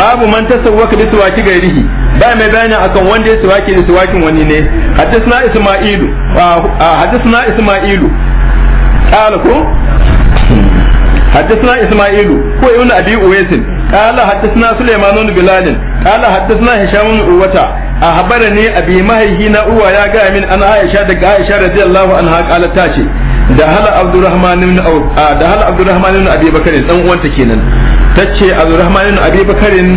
babu man tasawwaka bi tawaki gairihi ba mai bayani akan wanda yasa wake da tawakin wani ne hadithna isma'ilu wa hadithna isma'ilu qala ko hadithna isma'ilu ko yuna abi uwaisin qala hadithna sulaiman ibn bilal uwata a habara ne abi mahayhi na uwa ya gaya min ana aisha da aisha radhiyallahu anha qala ta ce da hala abdurrahman ibn abdurrahman dan uwanta kenan tace Abdurrahman ibn Abi Bakarin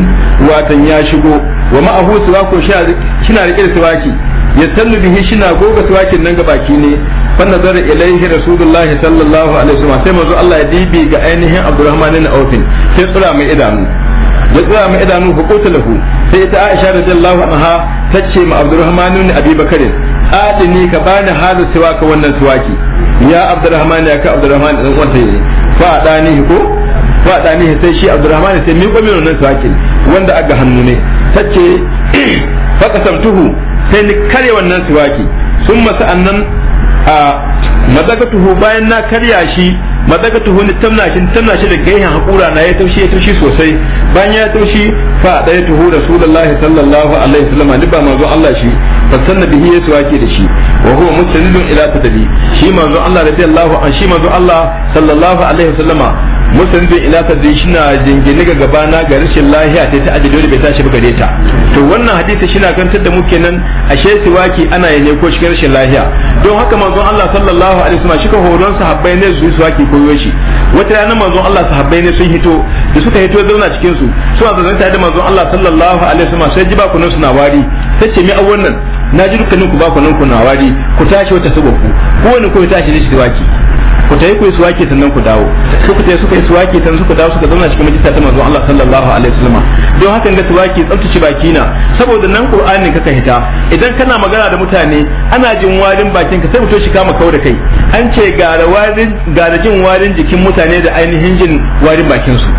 watan ya shigo wa ma'ahu su siwako shi kina rike da siwaki ya sallu bihi shina goga siwakin nan ga baki ne fa nazara ilaihi rasulullah sallallahu alaihi wasallam sai manzo Allah ya dibi ga ainihin Abdurrahman ibn Auf sai tsura mai idanu ya tsura mai idanu hukuta lahu sai ita Aisha radiyallahu anha tace ma Abdurrahman ibn Abi Bakarin adini ka bani halu siwaka wannan siwaki ya Abdurrahman ya ka Abdurrahman dan uwanta ne fa adani ko fa da ni sai shi Abdurrahman sai mi kwamiro nan sake wanda aga hannu ne tace fa qasamtuhu sai ni kare wannan siwaki summa sa'annan a madagatuhu bayan na karya shi madagatuhu ni tamna shi tamna shi da gaihan hakura na ya taushi ya taushi sosai bayan ya taushi fa daya tuhu rasulullahi sallallahu alaihi wasallam ni ba manzo Allah shi fasanna bihi ya siwaki da shi wa huwa mustanidun ila tadli shi manzo Allah radiyallahu an shi manzo Allah sallallahu alaihi wasallama musanbin ila sadri shina jingine ga gabana ga rashin lahiya ta ta dole bai tashi ba gare ta to wannan hadisi shina kantar da mu kenan ashe siwaki ana yane ko shi rashin lahiya don haka manzon Allah sallallahu alaihi wasallam shi ka horon sahabbai ne su siwaki ko yoshi wata ranar manzon Allah sahabbai ne sun hito da suka hito zauna cikin su suna zaune tare da manzon Allah sallallahu alaihi wasallam sai ji ba kunun suna wari sai ce mi a wannan na ji dukkanin ku ba kunun ku na wari ku tashi wata sabo ku kowane ko ya tashi da shi siwaki ku yi ku yi suwaki sannan ku dawo ta yi suka yi suwaki sannan suka dawo suka zauna cikin majalisa ta manzo Allah sallallahu alaihi wasallam don haka ga suwaki tsaftace baki na saboda nan qur'anin kaka hita idan kana magana da mutane ana jin warin bakin ka sai mutum shi kama kawo da kai an ce gara warin da jin warin jikin mutane da ainihin jin warin bakin su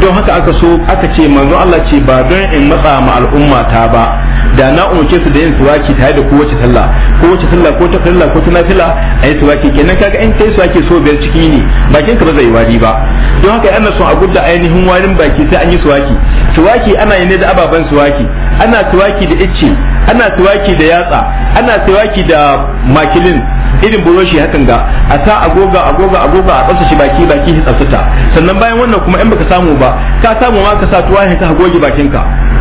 don haka aka so aka ce manzo Allah ce ba don in matsa ma al'umma ta ba da na umarce su da yin suwaki tare da kowace sallah kowace sallah ko ta sallah ko ta nafila a yi suwaki kenan kaga in kai suwaki so biyar ciki ne bakin ka ba zai wari ba don haka ana son a gudda ainihin warin baki sai an yi suwaki suwaki ana yi ne da ababen suwaki ana suwaki da icce ana suwaki da yatsa ana suwaki da makilin irin buroshi hakan ga a sa agoga agoga agoga a tsaftace baki baki shi sannan bayan wannan kuma in baka samu ba ka samu ma ka sa tuwahin ka goge bakinka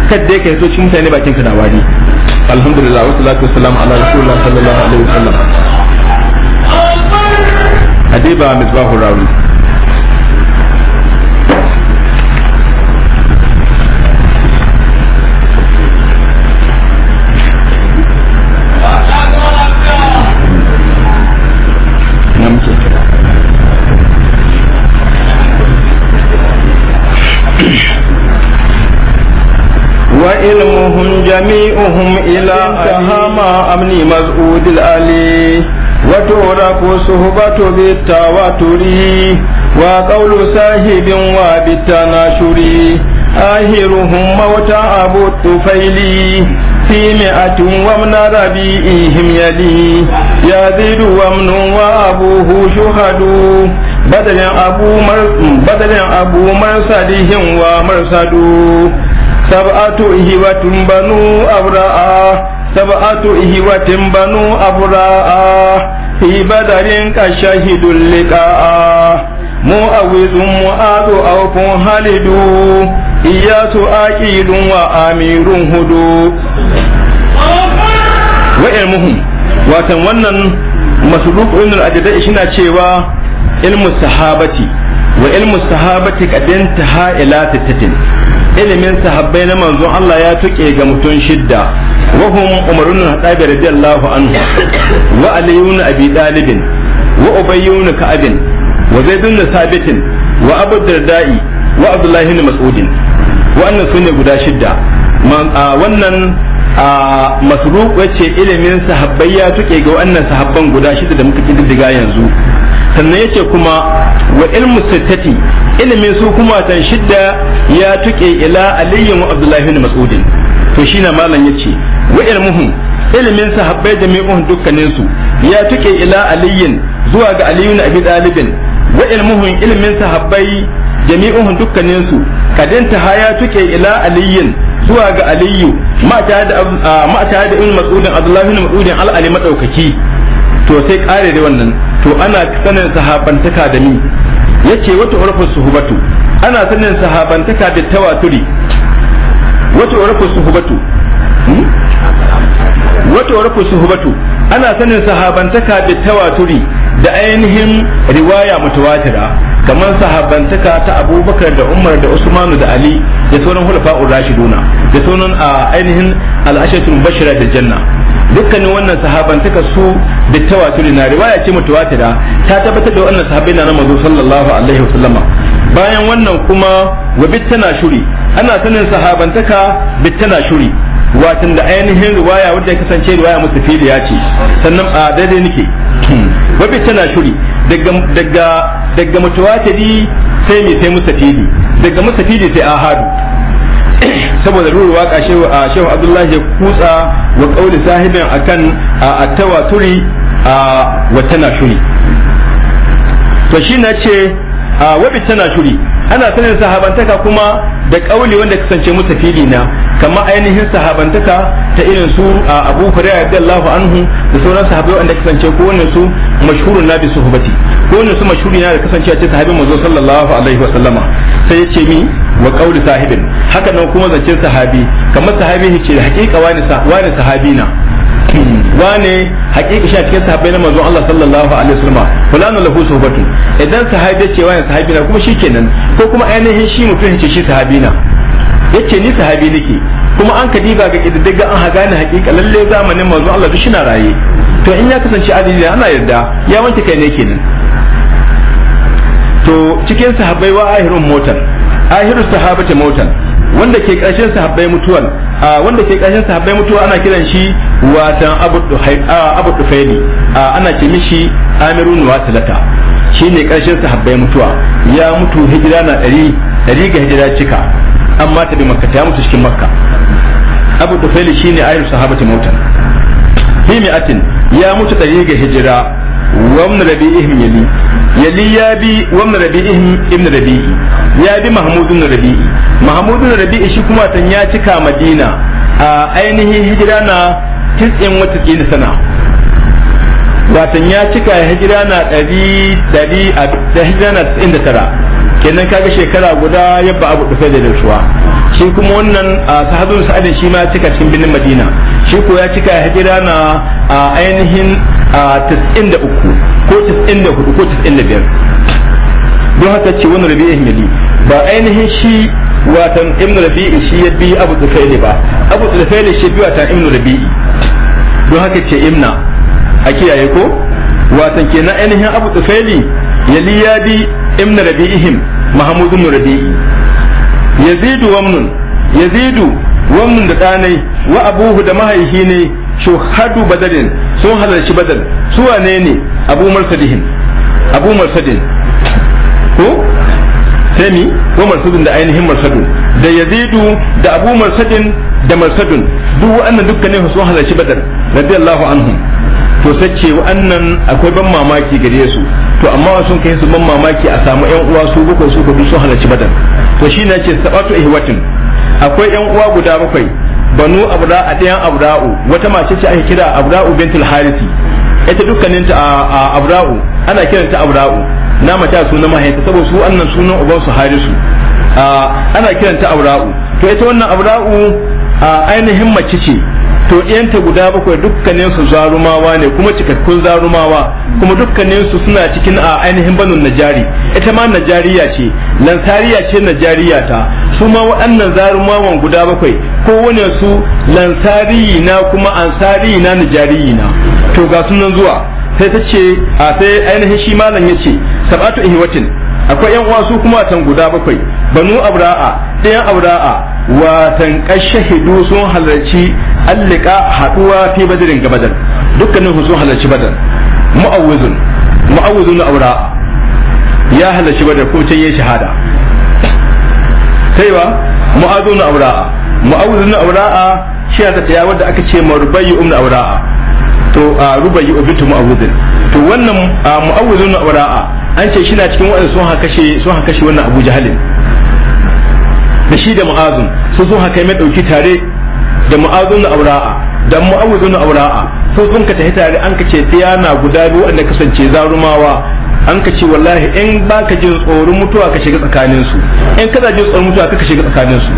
kadda yake so cin mutane bakin ka dawari alhamdulillah wa salatu wassalamu ala rasulillah sallallahu alaihi wasallam adiba misbahu rawi وعلمهم جميعهم إلى أهما أمن مزعود الألي وترك صحبة بالتواتر وقول صاحب وبالتناشر آهرهم موت أبو الطفيل في مئة ومن ربيئهم يلي يزيد ومن وأبوه شهد بدل أبو, بدل أبو مرسدهم ومرسدوا saba'a to ihi watan banu a bula'a saba'a to ihi watan mu a mu a tso a halidu iya sau wa amirun huɗu. waye muhim wasan wannan masu duk ɗinnar shi na cewa ilmu sahabati wa ilmu sahabati kaɗanta ha elata ta ilimin sahabbai na manzon Allah ya tuke ga mutum shidda wahum Umar ibn Khattab radiyallahu anhu wa Ali ibn Abi Talib wa Ubay ibn Ka'ab wa Zaid ibn Thabit wa Abu Darda'i wa Abdullah ibn Mas'ud wannan sune guda shidda wannan a masruq wacce ilimin sahabbai ya tuke ga wannan sahabban guda shida da muka kididdiga yanzu sannan yace kuma wa ilmu sittati ilimin su kuma tan shida ya tuke ila aliyu wa abdullahi bin mas'ud to shi na malam yace wa ilmuhu ilimin sahabbai uhun dukkanin su ya tuke ila aliyin zuwa ga aliyu na abi dalibin wa ilmuhu ilimin sahabbai jami'uhum dukkanin su kadin ta haya tuke ila aliyin zuwa ga aliyu ma ta da ah, da ibn mas'udin abdullahi ibn mas'udin al-ali madaukaki to sai kare da wannan to ana sanin sahabantaka da ni yace wata urfus hubatu ana sanin sahabantaka da tawaturi wata urfus suhbatu hmm? wata urfus suhbatu ana sanin sahabantaka da tawaturi da ainihin riwaya mutawatira kamar sahabantaka ta abubakar da umar da usmanu da ali da sauran hulafa'ur rashiduna da sauran ainihin al'ashatul bashira da janna dukkanin wannan sahaban suka su da tawaturi na riwaya ce mutawatira ta tabbatar da wannan sahabbai na manzo sallallahu alaihi wa sallama bayan wannan kuma wa bittana shuri ana sanin sahabantaka bittana shuri watan da ainihin riwaya wadda ya kasance riwaya ya ce sannan a daidai nake wa bittana shuri daga daga daga mutawatiri sai mai sai mustafili daga mustafidi sai ahadu saboda ruwa waka shehu abdullahi ya kutsa wa kauli sahibin akan a wa shuri. to shi na ce wabi tana shuri ana sanin sahabantaka kuma da kauli wanda kasance mustafidi na kamar ainihin sahabantaka ta irin su Abu Hurairah radiyallahu anhu da sauran sahabbai wanda kasance kowanne su mashhurun na bi suhbati ko ne su mashhuri na da kasance a ce sahibin manzo sallallahu alaihi wa sallama sai yace mi wa qauli sahibin haka nan kuma zancen sahabi kamar sahabi ce hakika wani wani sahabi na wane hakika shi a cikin sahabbai na manzo Allah sallallahu alaihi wasallam fulanu lahu suhbatu idan sahabi ce wani sahabi na kuma shikenan ko kuma ainihin shi mutum ce shi sahabi na yace ni sahabi nake kuma an ka diba ga kididdiga an haga ni hakika lalle zamanin manzo Allah duk shi na raye to in ya kasance adili ne ana yarda ya wanke kai ne kenan to cikin sahabbai wa ahirun motan ahiru sahabata motan wanda ke karshen sahabbai mutuwan wanda ke karshen sahabbai mutuwa ana kiran shi watan abu dufaili ana ce mishi amirun wasilata shine karshen sahabbai mutuwa ya mutu hijira na ɗari ɗari ga hijira cika amma ta bi makka ta mutu cikin makka abu dufaili shine ahiru sahabata motan fi mi'atin ya mutu ɗari ga hijira wamna rabi'ihim yali yali ya bi wamna rabi'ihim ibn rabi'i ya bi mahmud ibn rabi'i mahmud ibn rabi'i shi kuma tan ya cika madina a ainihin hijira na tis'in wata tsina sana watan ya cika hijira na dari dari a hijira na 99 da tara kenan kaga shekara guda yabba abu dufai da rushuwa shi kuma wannan sahabin sa'adin shi ma cika cikin birnin madina shi ko ya cika ya hijira na ainihin 93 ko 94 ko 95 don haka ce wani rabi'a himili ba ainihin shi watan ibn rabi'i shi ya bi abu tufaili ba abu tufaili shi bi watan ibn rabi'i don haka ce imna a kiyaye ko watan kenan ainihin abu tufaili yali ya bi ibn rabi'ihim mahamudu ibn rabi'i yazidu wamnun yazidu wamnun da ɗanai wa abuhu da mahaifi ne hadu badarin sun halarci badar su wane ne abu marsadihin abu marsadin ko sai mi ko marsadin da ainihin marsadin da yazidu da abu marsadin da marsadin duk wa'annan dukkanin sun halarci badar radiyallahu anhum to sace wannan akwai ban mamaki gare su to amma sun kai su ban mamaki a samu yan uwa su bakwai su kudu su halarci badar to shi ne ce sabatu ihwatin akwai yan uwa guda bakwai banu abda a ɗayan abda'u wata mace ce ake kira abda'u bintul harithi ita dukkanin ta a abda'u ana kiranta abda'u na mace sunan mahaifa saboda su wannan sunan uban su harisu ana kiranta abda'u to ita wannan abda'u ainihin mace ce to ɗiyanta guda bakwai dukkanin su zarumawa ne kuma cikakkun zarumawa kuma dukkanin su suna cikin a ainihin banun najari ita ma najariya ce lansariya ce najariya ta su ma waɗannan zarumawan guda bakwai ko wani su lansariyi na kuma ansariyi na najariyi na to ga sunan zuwa sai ta ce a sai ainihin shi malam ya ce sab'atu ihwatin akwai yan uwa su kuma can guda bakwai banu abra'a ɗayan abra'a watan hidu sun halarci allika haduwa fi badirin ga badar dukkanin sun halarci badar mu'awwizun mu'awwizun aura ya halarci badar ko can yi shahada sai ba mu'azun aura'a mu'awwizun aura shi ta tsaya wanda aka ce marubayi umna aura to rubayi ubitu mu'awwizun to wannan mu'awwizun aura an ce shi na cikin wanda sun haka kashe sun haka kashe wannan Abu Jahalin da shi da mu'azun su sun haka mai dauki tare da mu'azun na aura'a da mu'awuzun na aura'a su sun ka tafi tare an ka ce na guda biyu wanda kasance zarumawa an ka ce wallahi in baka jin tsoron mutuwa ka shiga tsakanin su in kana jin tsoron mutuwa ka shiga tsakanin su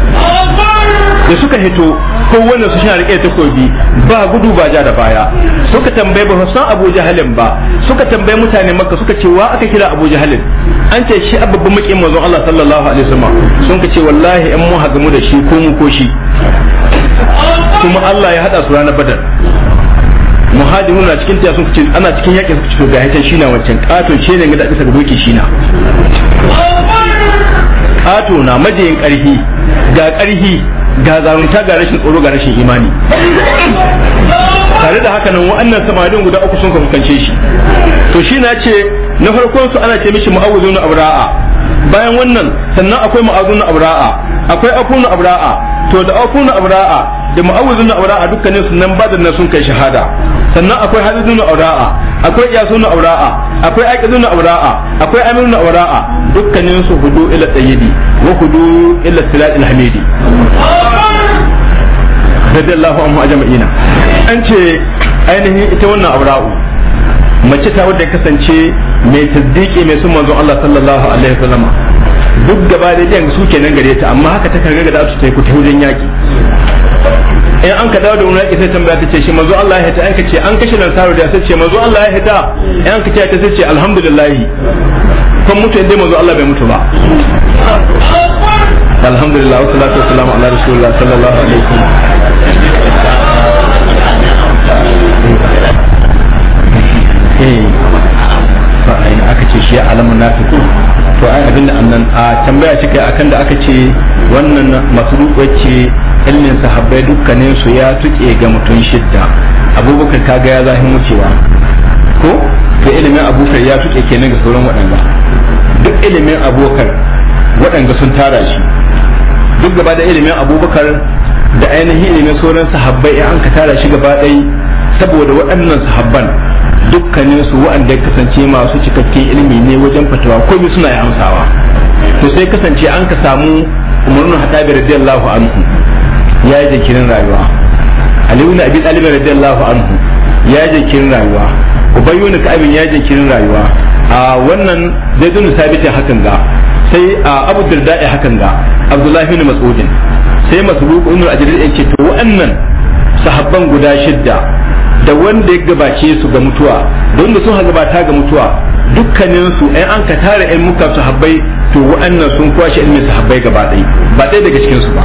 da suka hito kowanne su shine rike takobi ba gudu ba ja da baya suka tambaye ba san Abu Jahalin ba suka tambaye mutane Makka suka ce wa aka kira Abu Jahalin an ce shi babban muke mazo Allah sallallahu alaihi wasallam sun ka ce wallahi in mu hagamu da shi ko mu ko shi kuma Allah ya hada su ranar badar muhajiru na cikin tiya sun ce ana cikin yakin su fito ga hakan shina wancan kato ce ne ga da bisa ga doki shina kato na majiyin karfi ga karfi ga zarunta ga rashin tsoro ga rashin imani tare da haka nan wa'annan samarin guda uku sun kance shi to shi na ce na farkon su ana ce mishi mu'awuzun abra'a bayan wannan sannan akwai mu'awuzun abra'a akwai afunu abra'a to da afunu abra'a da mu'awuzun abra'a dukkanin su nan da nan sun kai shahada sannan akwai hadidun abra'a akwai yasun abra'a akwai aqidun abra'a akwai aminu abra'a dukkanin su hudu ila tayyibi wa hudu ila silatil hamidi radiyallahu anhu ajma'ina an ce ainihin ita wannan abra'u mace ta wadda kasance mai siddiqi mai sun manzon Allah sallallahu alaihi wasallam duk gaba da jan su kenan gare ta amma haka ta karga da su ta ku ta wajen yaki in an ka dawo da wani sai tambaya ta ce shi manzo Allah ya hita an ka ce an kashe nan saro da sai ce manzo Allah ya hita in an ka ce ta sai ce alhamdulillah kun mutu inda manzo Allah bai mutu ba alhamdulillah wassalatu wassalamu ala rasulillah sallallahu alaihi wasallam eh. aka ce shi alamun nafiku to ai abin da annan a tambaya shi kai akan da aka ce wannan masruqa ce ilmin sahabbai dukkanin su ya tuke ga mutun shidda abubakar kaga ya zahin wucewa ko to ilimin abubakar ya tuke kenan ga sauran waɗanda duk ilimin abubakar waɗanda sun tara shi duk gaba da ilimin abubakar da ainihin ilimin sauran sahabbai in an ka tara shi gaba ɗai saboda waɗannan sahabban dukkanin su wa'anda ya kasance masu cikakken ilimi ne wajen fatawa bi suna ya amsawa to sai kasance an ka samu umarnu hadabi radiyallahu anhu ya yi jinkirin rayuwa aliyu na abi talib radiyallahu anhu ya yi jinkirin rayuwa ubayyu na ka'abin ya yi jinkirin rayuwa a wannan zaidun sabitin hakan ga sai abu dirda'i hakan ga abdullahi bin mas'udin sai masruq ibn al-ajrid ce to wa'annan sahabban guda shidda da wanda ya gabace su ga mutuwa don da sun gabata ga mutuwa dukkanin su ɗan an ka tara ɗan muka su habbai to wa'annan sun kwashe ilmin habbai gaba ɗaya ba ɗaya daga cikin su ba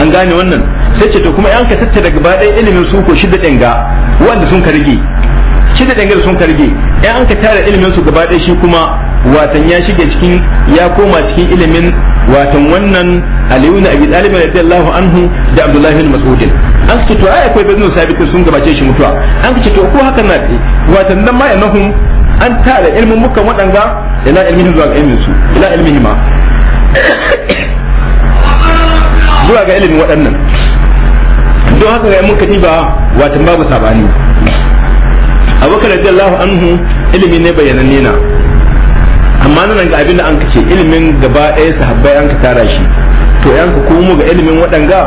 an gane wannan sai ce to kuma an ka tattara gaba ɗaya ilimin su ko shida ɗin ga wanda sun ka rage da dangar sun karge ɗan an ka tara ilimin su gaba ɗaya shi kuma watan ya shiga cikin ya koma cikin ilimin watan wannan aliyu na abi talib radiyallahu anhu da abdullahi bin mas'ud an ce to ai akwai bazin sabit sun gabace shi mutuwa an ce to ko haka na watan nan ma yanahum an tara ilmin mukan waɗanga ila ilmihin zuwa ga ilmin su ila ilmihin ma zuwa ga ilimin waɗannan don haka ga muka ba watan babu sabani abubakar radiyallahu anhu ilimi ne bayananne na amma nan ga abin da an kace ilimin gaba ɗaya sahabbai an ka tara shi to yan ka komo ga ilimin waɗanga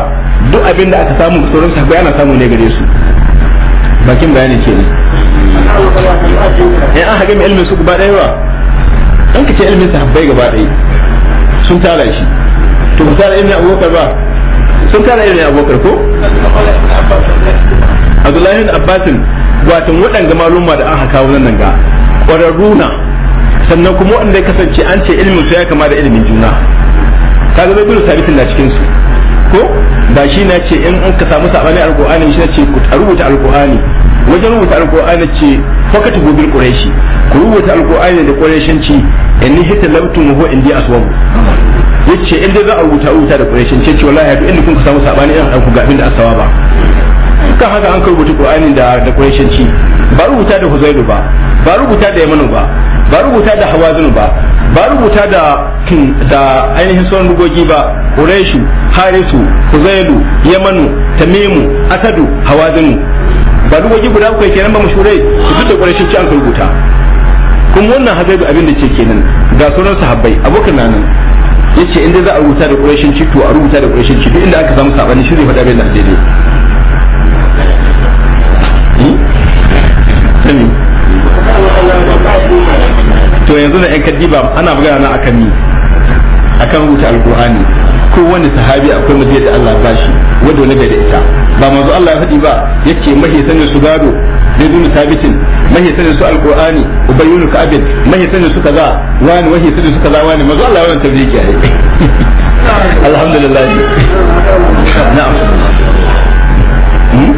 duk abin da aka samu sauran sahabbai ana samu ne gare su bakin bayani ke ne eh an haga ilimin su gaba ɗaya ba an kace ilimin sahabbai gaba ɗaya sun tara shi to ku tara ilimin abubakar ba sun tara ilimin abubakar ko Abdullahi Abbasin wato waɗanda maluma da aka kawo nan ga na sannan kuma waɗanda ya kasance an ce ilimin su ya kama da ilimin juna ka ga zai sabitin na cikin su ko ba shi na ce in an ka samu sabani alqur'ani shi na ce ku rubuta alqur'ani wajen rubuta alqur'ani ce fakat gobil quraishi ku rubuta alqur'ani da quraishanci inni hitalabtum huwa indi aswam yace in dai za a rubuta rubuta da quraishanci ce wallahi duk inda kun ka samu sabani in an ku ga da asawa ba akan haka an rubuta qur'anin da da qurayshanci ba rubuta da huzairu ba ba rubuta da yamanu ba ba rubuta da hawazin ba ba rubuta da da ainihin sauran rugogi ba qurayshu harisu huzailu yamanu tamimu asadu hawazin ba rugogi guda uku kenan ba mashurai duk da qurayshanci an rubuta kuma wannan hazaibu abin da ce kenan ga sauran sahabbai abokan nan yace inda za a rubuta da ci to a rubuta da ci duk inda aka samu sabani shirye fada bai da daidai ta ne to yanzu da yan ana magana na akan ni akan rubuta alqur'ani ko wani sahabi akwai da Allah ba shi wanda wani bai da ita ba manzo Allah ya faɗi ba yace mahi sanin su gado da ibn sabitin mahi sanin su mahi sanin su kaza wani wahi sanin su kaza wani manzo Allah ya wannan alhamdulillah na'am hmm?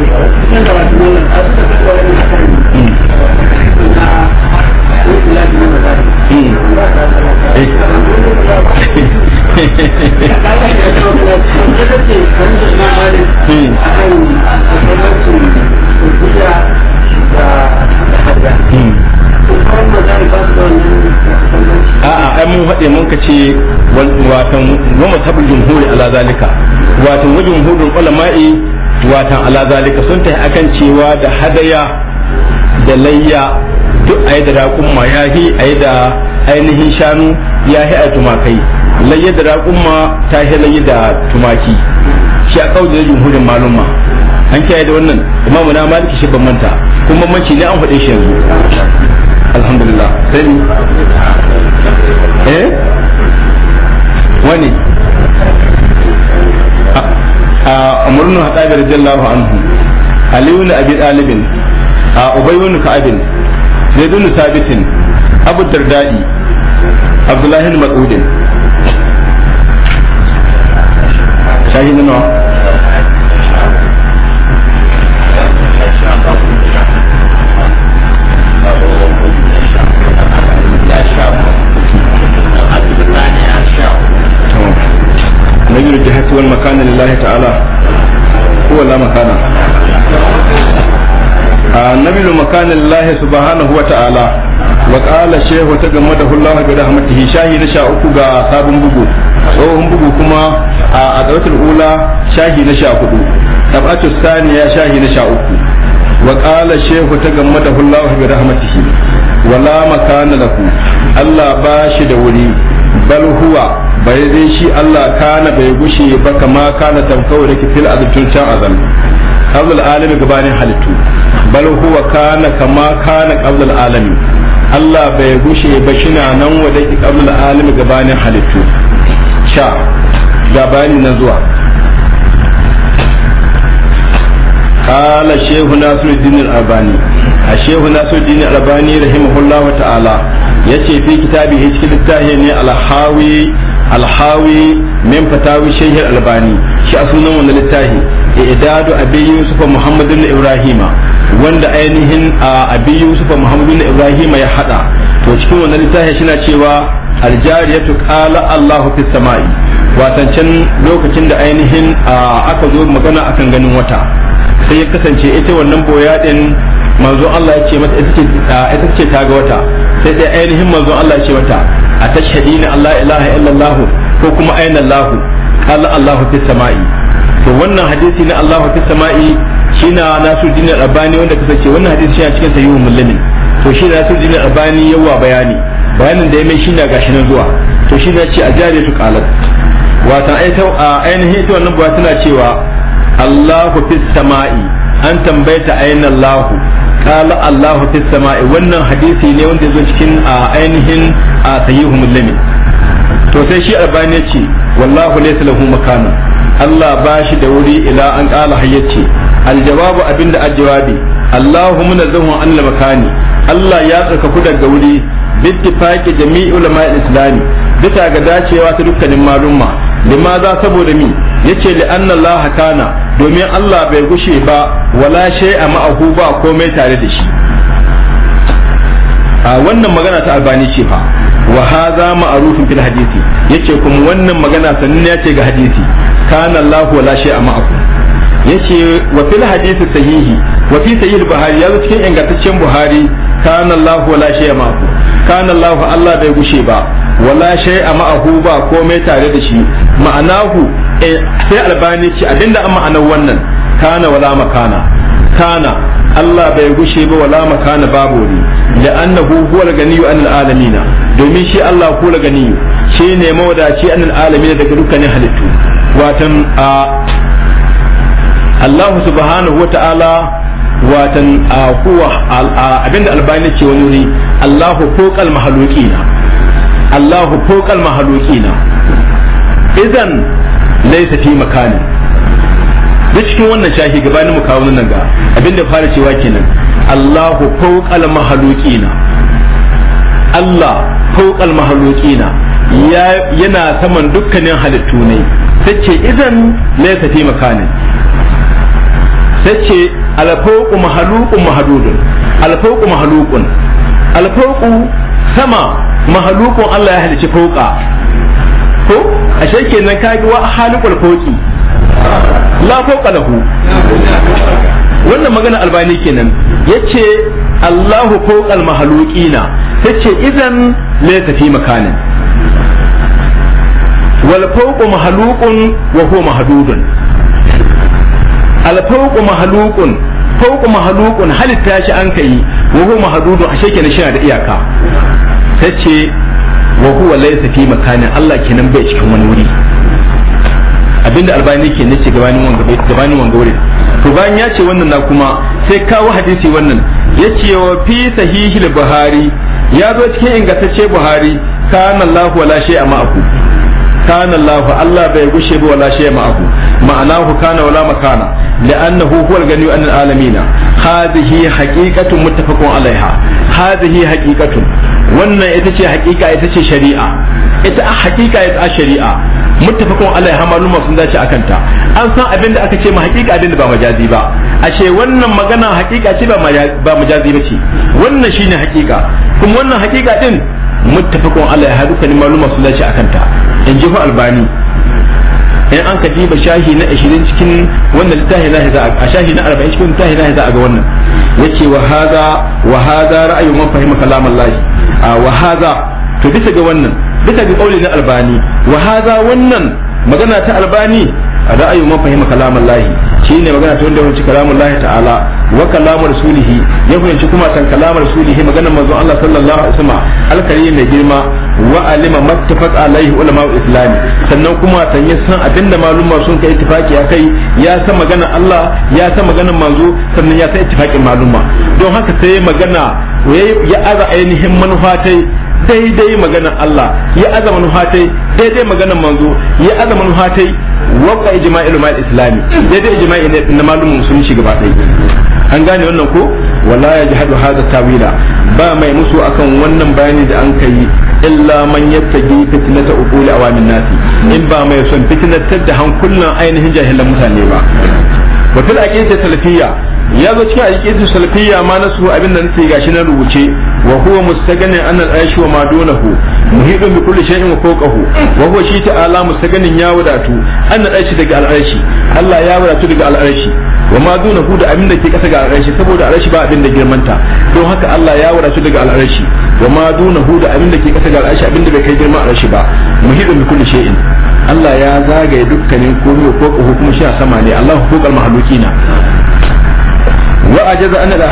a'a ai mun faɗe mun ka ce watan goma tabbin jumhuri ala zalika watan wajen hudun ulama'i watan ala zalika sun ta akan cewa da hadaya da layya duk a yi da raƙumma ya fi a yi da ainihin shanu ya fi a tumakai layya da raƙumma ta fi layi da tumaki shi a kawo da jumhurin malumma an kiyaye da wannan imamu na maliki shi ban manta kuma bambanci ne an faɗe shi yanzu alhamdulillah sai ni eh wani a umar bin hadabi radiyallahu anhu aliyu bin abi talibin a ubayyu ka abin زيد بن ثابت أبو الدرداء عبد الله بن مسعود شاهد نوع نجل الجهة والمكان لله تعالى هو لا مكان nabil makanillahi subhanahu wa ta'ala wa shehu ta game da Allah bi rahmatihi shahi na sha uku ga sabon bugu tsohon bugu kuma a adawatul ula shahi na sha hudu tabatu saniya shahi na sha uku wa shehu ta game da Allah bi rahmatihi wala makana Allah ba da wuri bal huwa bai dai shi Allah kana bai gushe ba kama kana tamkawar fil azabtun can azal qabl alimi gabanin halittu bal huwa kana kama kana qabla al-alami Allah bai gushe ba shina nan wa ki qabla al-alami gabanin halittu sha gabani na zuwa qala shehu nasiruddin al-albani a shehu nasiruddin al-albani rahimahullahu ta'ala yace fi kitabihi cikin littafi ne al-hawi alhawi min fatawi shehi albani shi a sunan wannan littafi idadu abi yusuf muhammad ibrahima wanda ainihin a abi yusuf muhammadu na ibrahim ya hada to cikin wannan littafi na cewa aljariyatu qala allahu fis sama'i can lokacin da ainihin aka zo magana akan ganin wata sai ya kasance ita wannan boya din manzo Allah ya ce mata ita ce ta ga wata sai dai ainihin manzo Allah ya ce mata a tashhadina Allah ilaha illallah ko kuma aina Allah qala Allahu fis sama'i to wannan hadisi na Allahu fis sama'i shine na Nasiruddin Albani wanda ce wannan hadisi shi a cikin sahihu muslimin to shi na Nasiruddin Albani yawa bayani bayanin da ya mai shi na gashi nan zuwa to shi na ce a jare su qalat a ainihin ita wannan buwa tana cewa Allahu fis sama'i an tambayta aina Allahu qala Allahu fis sama'i wannan hadisi ne wanda yazo cikin ainihin sahihu muslimin to sai shi albani ce wallahu laysa lahu makana Allah ba shi da wuri ila an qala hayyace aljawabu abinda aljawabi Allahu munazzahun an makani Allah ya tsarkaku daga wuri bittifaqi jami'i ulama islami Bita ga dacewa ta dukkanin malumma limaza saboda mi yace li anna Allah kana domin Allah bai gushe ba wala shay'a ma'ahu ba komai tare da shi a wannan magana ta albani ce fa wa hadha ma'rufun fil hadisi yace kuma wannan magana sannan ce ga hadisi kana Allah wala shay'a ma'ahu yace wa fil hadisi sahihi wa fi sahih buhari yazo cikin ingantaccen buhari kana allah wala shay'a ma'ahu kana allah allah bai gushe ba wala ma ma'ahu ba komai tare da shi ma'anahu eh, sai albani ce abinda an ma'anar wannan kana wala makana kana allah bai gushe ba wala makana babu ne annahu huwa al an al alamina domin shi allah ko al shi ne mawadaci al alamina daga dukkanin halittu watan a Allah subhanahu wa ta'ala watan huwa abinda albani ce wani ne Allahu fokal mahalukina Allahu fokal mahalukina idan laisa fi makani duk cikin wannan shahi gabanin mu kawo nan ga abinda fara cewa kenan Allahu fokal mahalukina Allah fokal mahalukina yana saman dukkanin halittu ne sace idan laisa fi makani tace alfawqu mahluqun mahdudun alfawqu mahluqun alfawqu sama mahluqun Allah ya halice fauka ko ashe kenan kage wa halikul fauki la fauka lahu wannan magana albani kenan yace Allahu fauqal mahluqina tace idan laysa fi makanin wal fauqu mahluqun wa huwa mahdudun alfauku mahalukun fauku mahalukun halitta shi an kai wa huwa mahadudun ashe kenan shi da iyaka tace wa huwa laysa fi makanin Allah kenan bai cikin wani wuri abinda albani ke nace gabanin wanga gabanin wanga wuri to bayan ya ce wannan na kuma sai kawo hadisi wannan yace wa fi sahihil buhari ya zo cikin ingantacce buhari kana Allahu wala shay'a ma'akum kana Allah Allah bai gushe ba wala shay ma'ahu ma'anahu kana wala makana li'annahu huwa al-ghani an al-alamin hadhihi haqiqatun muttafaqun alaiha hadhihi haqiqatun wannan ita ce haqiqa ita ce shari'a ita a haqiqa ita a shari'a muttafaqun alaiha maluma sun dace akan ta an san abinda aka ce ma haqiqa abinda ba majazi ba ashe wannan magana haqiqa ce ba majazi ba ce wannan shine haqiqa kuma wannan haqiqa din muttafaqun alaiha har dukkanin maluma su dace akan ta in jifa albani in an ka diba shahi na 20 cikin wannan littafi na za a shahi na 40 cikin littafi na za a ga wannan yace wa hadha wa hadha ra'ayu man fahima kalam Allah wa hadha to bisa ga wannan bisa ga kauli na albani wa hadha wannan magana ta albani ra'ayu man fahima kalam Allah shine magana ta wanda wuce kalamun lahi ta'ala wa kalamun rasulihi ya fahimci kuma san kalamun rasulihi magana manzon Allah sallallahu alaihi wasallam alkari mai girma wa alima mattafaq alaihi ulama islami sannan kuma san ya san abinda malumma sun kai ittifaki akai ya san magana Allah ya san magana manzo sannan ya san ittifakin malumma don haka sai magana ya aza ainihin manufatai daidai magana Allah ya aza manufatai daidai magana manzo ya aza manufatai waqqa ijma'il mal islami daidai ijma'i ne na malumin musulunci gaba dai an gane wannan ko wala yajhadu hada tawila ba mai musu akan wannan bayani da an kai illa man yattaqi fitnata uquli awamin nasi in ba mai son fitnatar da hankulan ainihin jahilan mutane ba wa fil aqidati salafiyya ya zo cikin alƙidu salafiyya ma abin da nake gashi na rubuce wa huwa an al aishi wa ma dunahu muhidun bi kulli shay'in wa fawqahu wa huwa shi ta'ala mustaganin ya wadatu al aishi daga al'arshi Allah ya wadatu daga al'arshi wa ma dunahu da da ke kasa ga al'arshi saboda al'arshi ba da girmanta don haka Allah ya wadatu daga al'arshi wa ma dunahu da da ke kasa ga abin da bai kai girman al'arshi ba muhidun bi kulli shay'in Allah ya zagaye dukkanin komai ko kuma shi a sama ne Allah hukumar mahalukina wa ya ga da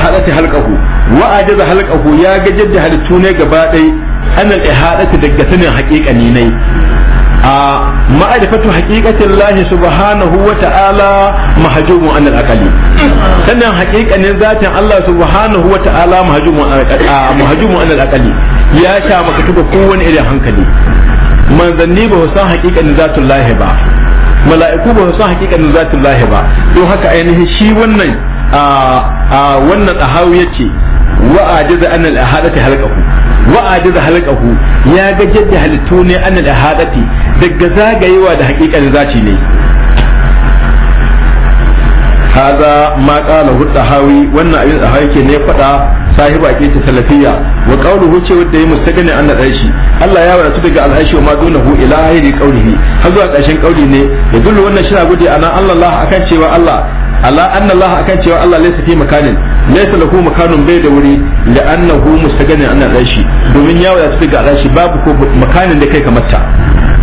halittu ne gaba dai an al-ihadati daga sanin haƙiƙani ne a ma'arifatu haqiqatin Allah subhanahu wa ta'ala mahjumu an al ya sha maka tuka kowane irin hankali manzanni ba san haqiqanin zatul ba san don haka ainihin shi wannan a wannan ahawu yace wa ajaza an al ahadati halqahu wa ajaza halqahu ya ga jadda halittu ne an al ahadati daga zagayewa da hakikalin zaci ne هذا ما قاله الطحاوي وانا ابن الطحاوي كي ne fada sahiba ke ta salafiyya wa qawluhu ce wanda yayi mustagani an shi Allah ya su daga al'aishi wa ma dunahu ila hayri qawlihi har zuwa ƙarshen qawli ne ya dullu wannan shi na gode ana Allah akan cewa Allah ala anna Allah akan cewa Allah laysa fi makanin laysa lahu makanun bai da wuri da annahu mustaganin an alashi domin ya wada su ga alashi babu ko makanin da kai kamar ta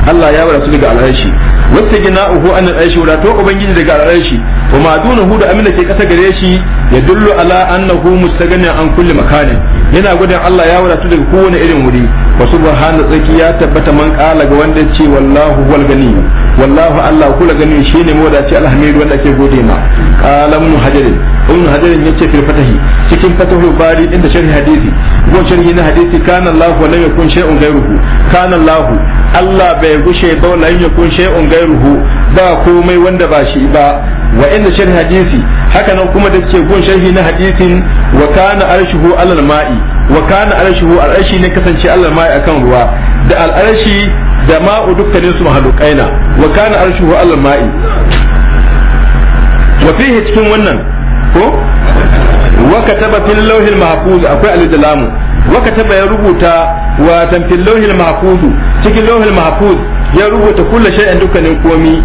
Allah ya wada su ga alashi wata gina uhu an alashi wada to ubangiji daga alashi wa ma dunahu da amina ke kasa gare shi ya dullu ala annahu mustaganin an kulli makanin yana gudun Allah ya wadatu daga kowane irin wuri wa subhana tsaki ya tabbata man kala ga wanda ce wallahu wal gani wallahu Allah kula gani shine mawadaci alhamid wanda ke gode ma qala mun hajarin ibn hajarin yace fil fatahi cikin fatahu bari inda sharhi hadisi ko sharhi na hadisi kana Allah wa lam yakun shay'un ghayruhu kana Allah Allah bai gushe ba lam yakun shay'un ghayruhu ba komai wanda ba shi ba wa inda sharhi hadisi haka nan kuma da ke gun sharhi na hadisin wa kana arshuhu alal ma'i wa kana arshuhu al'arshi ne kasance alal ma'i akan ruwa da al'arshi da ma'u dukkanin su mahalukaina wa kana arshuhu alal ma'i wa fihi cikin wannan ko wa kataba fil lawhil mahfuz akwai al-jalamu wa kataba ya rubuta wa tamfil lawhil mahfuz cikin lawhil mahfuz ya rubuta kullu shay'in dukkanin komi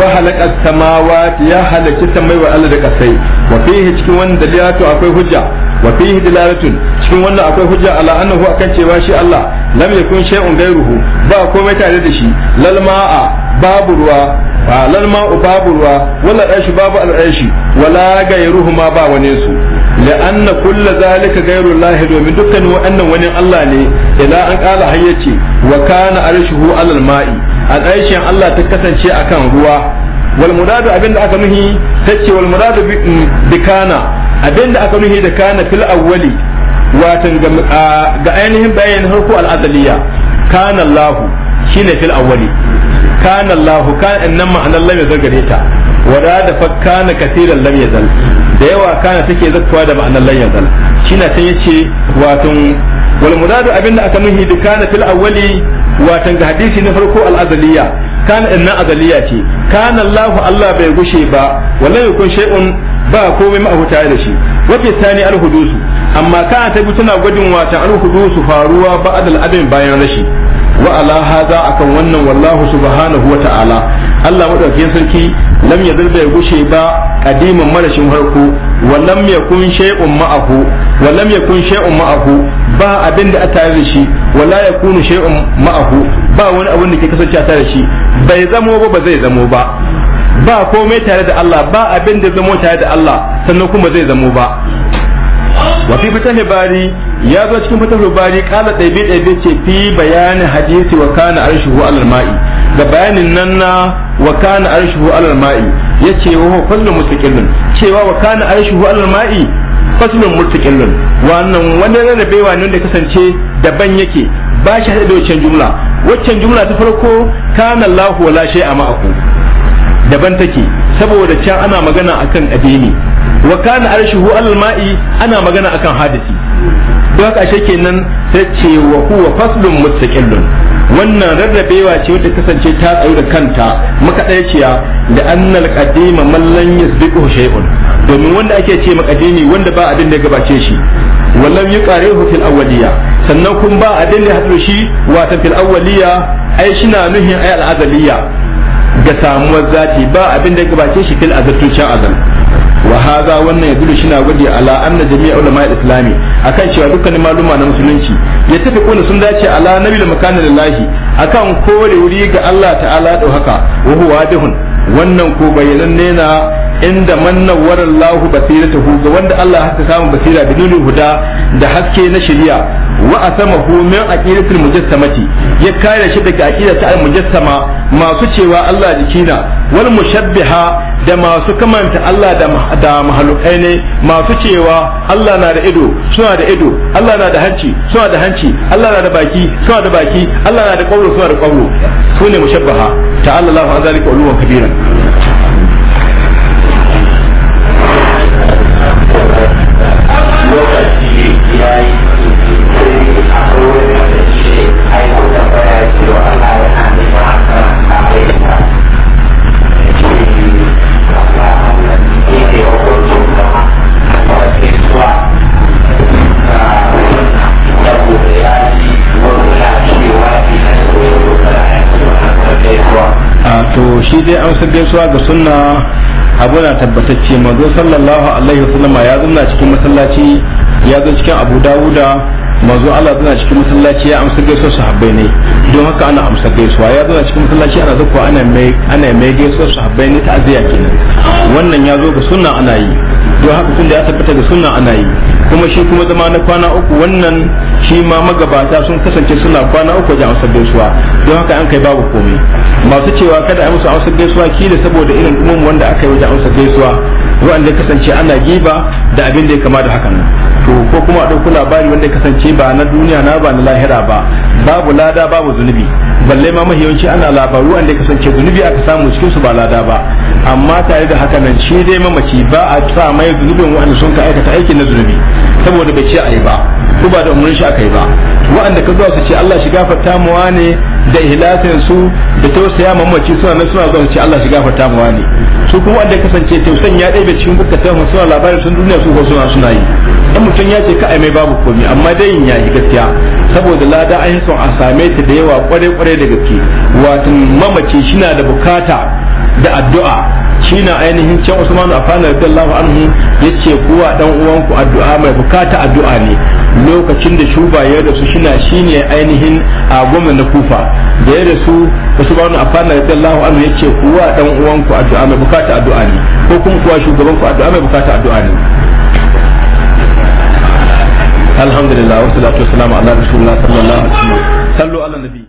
wa halaka samawati ya halaki samai wa Allah da kasai wa fihi cikin wannan to akwai hujja wa fihi dalalatun cikin wannan akwai hujja ala annahu akan cewa shi Allah lam yakun shay'un gairuhu ba komai tare da shi lalma'a babu ruwa ba ma'u babu ruwa wala aishi babu al'aishi wala gairuhu ma ba wani su لأن كل ذلك غير الله domin dukkan wannan wani Allah ne ila an kala hayyace wa kana arshuhu alal ma'i al'aishin Allah ta kasance akan ruwa wal muradu abinda aka nuhi ta wal muradu bi mm, kana abinda aka nuhi da kana fil awwali watan ga ainihin bayanin harko al'azaliya kana Allah shine fil awwali kana Allah kana innan ma'anar lam yazal gare ta wada da fa kana katiran lam yazal da yawa kana take zakkuwa da ma'anar lam yazal shine ta yace watan wal muradu abinda aka nuhi da kana fil awwali watan ga hadisi na farko al'azaliya azaliya kana inna azaliya ce kana Allahu Allah bai gushe ba wala yakun shay'un ba komai ma huta da shi wace tani al-hudusu amma ka ta tana gwadin watan al-hudusu faruwa ba al-adam bayan rashi wa ala hada akan wannan wallahu subhanahu wa ta'ala Allah madaukakin sarki lam yazal bai gushe ba qadiman marashin harko wa lam yakun shay'un ma'ahu wa lam yakun shay'un ma'ahu ba abin da a tare da shi wala ya kunu shay'un ma'ahu ba wani abin da ke kasance a tare da shi bai zamo ba ba zai zamo ba ba komai tare da Allah ba abin da zamo tare da Allah sannan kuma zai zamo ba wa fi fitan bari ya zo cikin fitan bari kala daibe daibe ce fi bayanin hadisi wa kana arshuhu alal ma'i ga bayanin nan na wa kana arshuhu alal ma'i yace wa kullu mustaqillun cewa wa kana arshuhu alal ma'i faslun nan wannan wani rarrabewa ne da kasance daban yake ba shi haɗe da waccan jumla waccan jumla ta farko kana Allahu wala shay'a ma'ahu daban take saboda can ana magana akan adini wa kana arshuhu alal ma'i ana magana akan hadisi don haka ashe kenan sai ce wa huwa faslun mustaqillun wannan rarrabewa ce wadda kasance ta tsaye da kanta makaɗaiciya da annal qadima man lan yasbiqu shay'un domin wanda ake ce makadimi wanda ba abin da gabace shi wallam yuqarihu fil awwaliya sannan kun ba abin da hadu shi wata fil awwaliya ai shina nuhin ai al'azaliya ga samuwar zati ba abin da gabace shi fil wa hadha wannan yadullu shi na gwaji ala anna jami'a ulama al-islami akan cewa dukkanin maluma na musulunci ya tafi kuna sun dace ala nabil makana lillahi akan kore wuri ga Allah ta'ala da haka wa huwa wannan ko bayyananne na inda mannawar Allah basiratahu ga wanda Allah haka samu basira da nuni huda da haske na shari'a wa asamahu min aqidatil mujassamati ya kare shi daga aqidatil al mujassama masu cewa Allah jikina wal mushabbiha da masu kamanta Allah da da mahalukai ne masu cewa Allah na da ido suna da ido Allah na da hanci suna da hanci Allah na da baki suna da baki Allah na da qawlu suna da qawlu sune mushabbaha ta'ala Allahu an zalika uluwan kabiran shi dai an sabbe gaisuwa ga sunna abu na tabbatacce mazo sallallahu alaihi wasallama ya zauna cikin masallaci ya zo cikin abu dawuda mazo Allah zauna cikin masallaci ya amsa gaisuwar sahabbai ne don haka ana amsa gaisuwa ya zauna cikin masallaci ana zakwa ana mai ana mai gaisuwar sahabbai ne ta aziya kenan wannan ya zo ga sunna ana yi don haka tun da ya tabbata da suna ana yi kuma shi kuma zama na kwana uku wannan shi ma magabata sun kasance suna kwana uku wajen amsar gaisuwa don haka an kai babu komai masu cewa kada a musu amsar gaisuwa kila saboda irin umum wanda aka yi wajen amsar gaisuwa wanda ya kasance ana giba da abin da ya kama da hakan to ko kuma a ɗauki labari wanda kasance ba na duniya na ba na lahira ba babu lada babu zunubi balle ma mahiyanci ana labaru wanda ya kasance zunubi aka samu cikin su ba lada ba amma tare da haka nan shi dai mamaci ba a sa mai zunubin wa'anda sun ka aikata aikin na zunubi saboda bai ce ayi ba ko ba da umurin shi aka yi ba wa'anda ka zuwa su ce Allah shi gafarta mu wane da ihlasin su da tausaya mamaci suna nan suna zuwa su ce Allah shi gafarta mu wane su kuma wanda kasance tausan ya ɗebe cikin bukatan suna labarin sun duniya su ko suna suna yi dan mutum ya ce ka ai mai babu komi amma dai ya yi gaskiya saboda lada an son a same ta da yawa kware kware da gaske wato mamaci shi na da bukata da addu'a shi na ainihin can Usman Affan radiyallahu anhu yace kuwa dan uwanku addu'a mai bukata addu'a ne lokacin da shuba ya su shina shine ainihin a goma na kufa da ya su Usman Affan radiyallahu anhu yace kuwa dan uwanku addu'a mai bukata addu'a ne ko kuma kuwa shugaban ku addu'a mai bukata addu'a ne alhamdulillah wa salatu wassalamu ala rasulillah sallallahu alaihi wasallam sallu ala nabi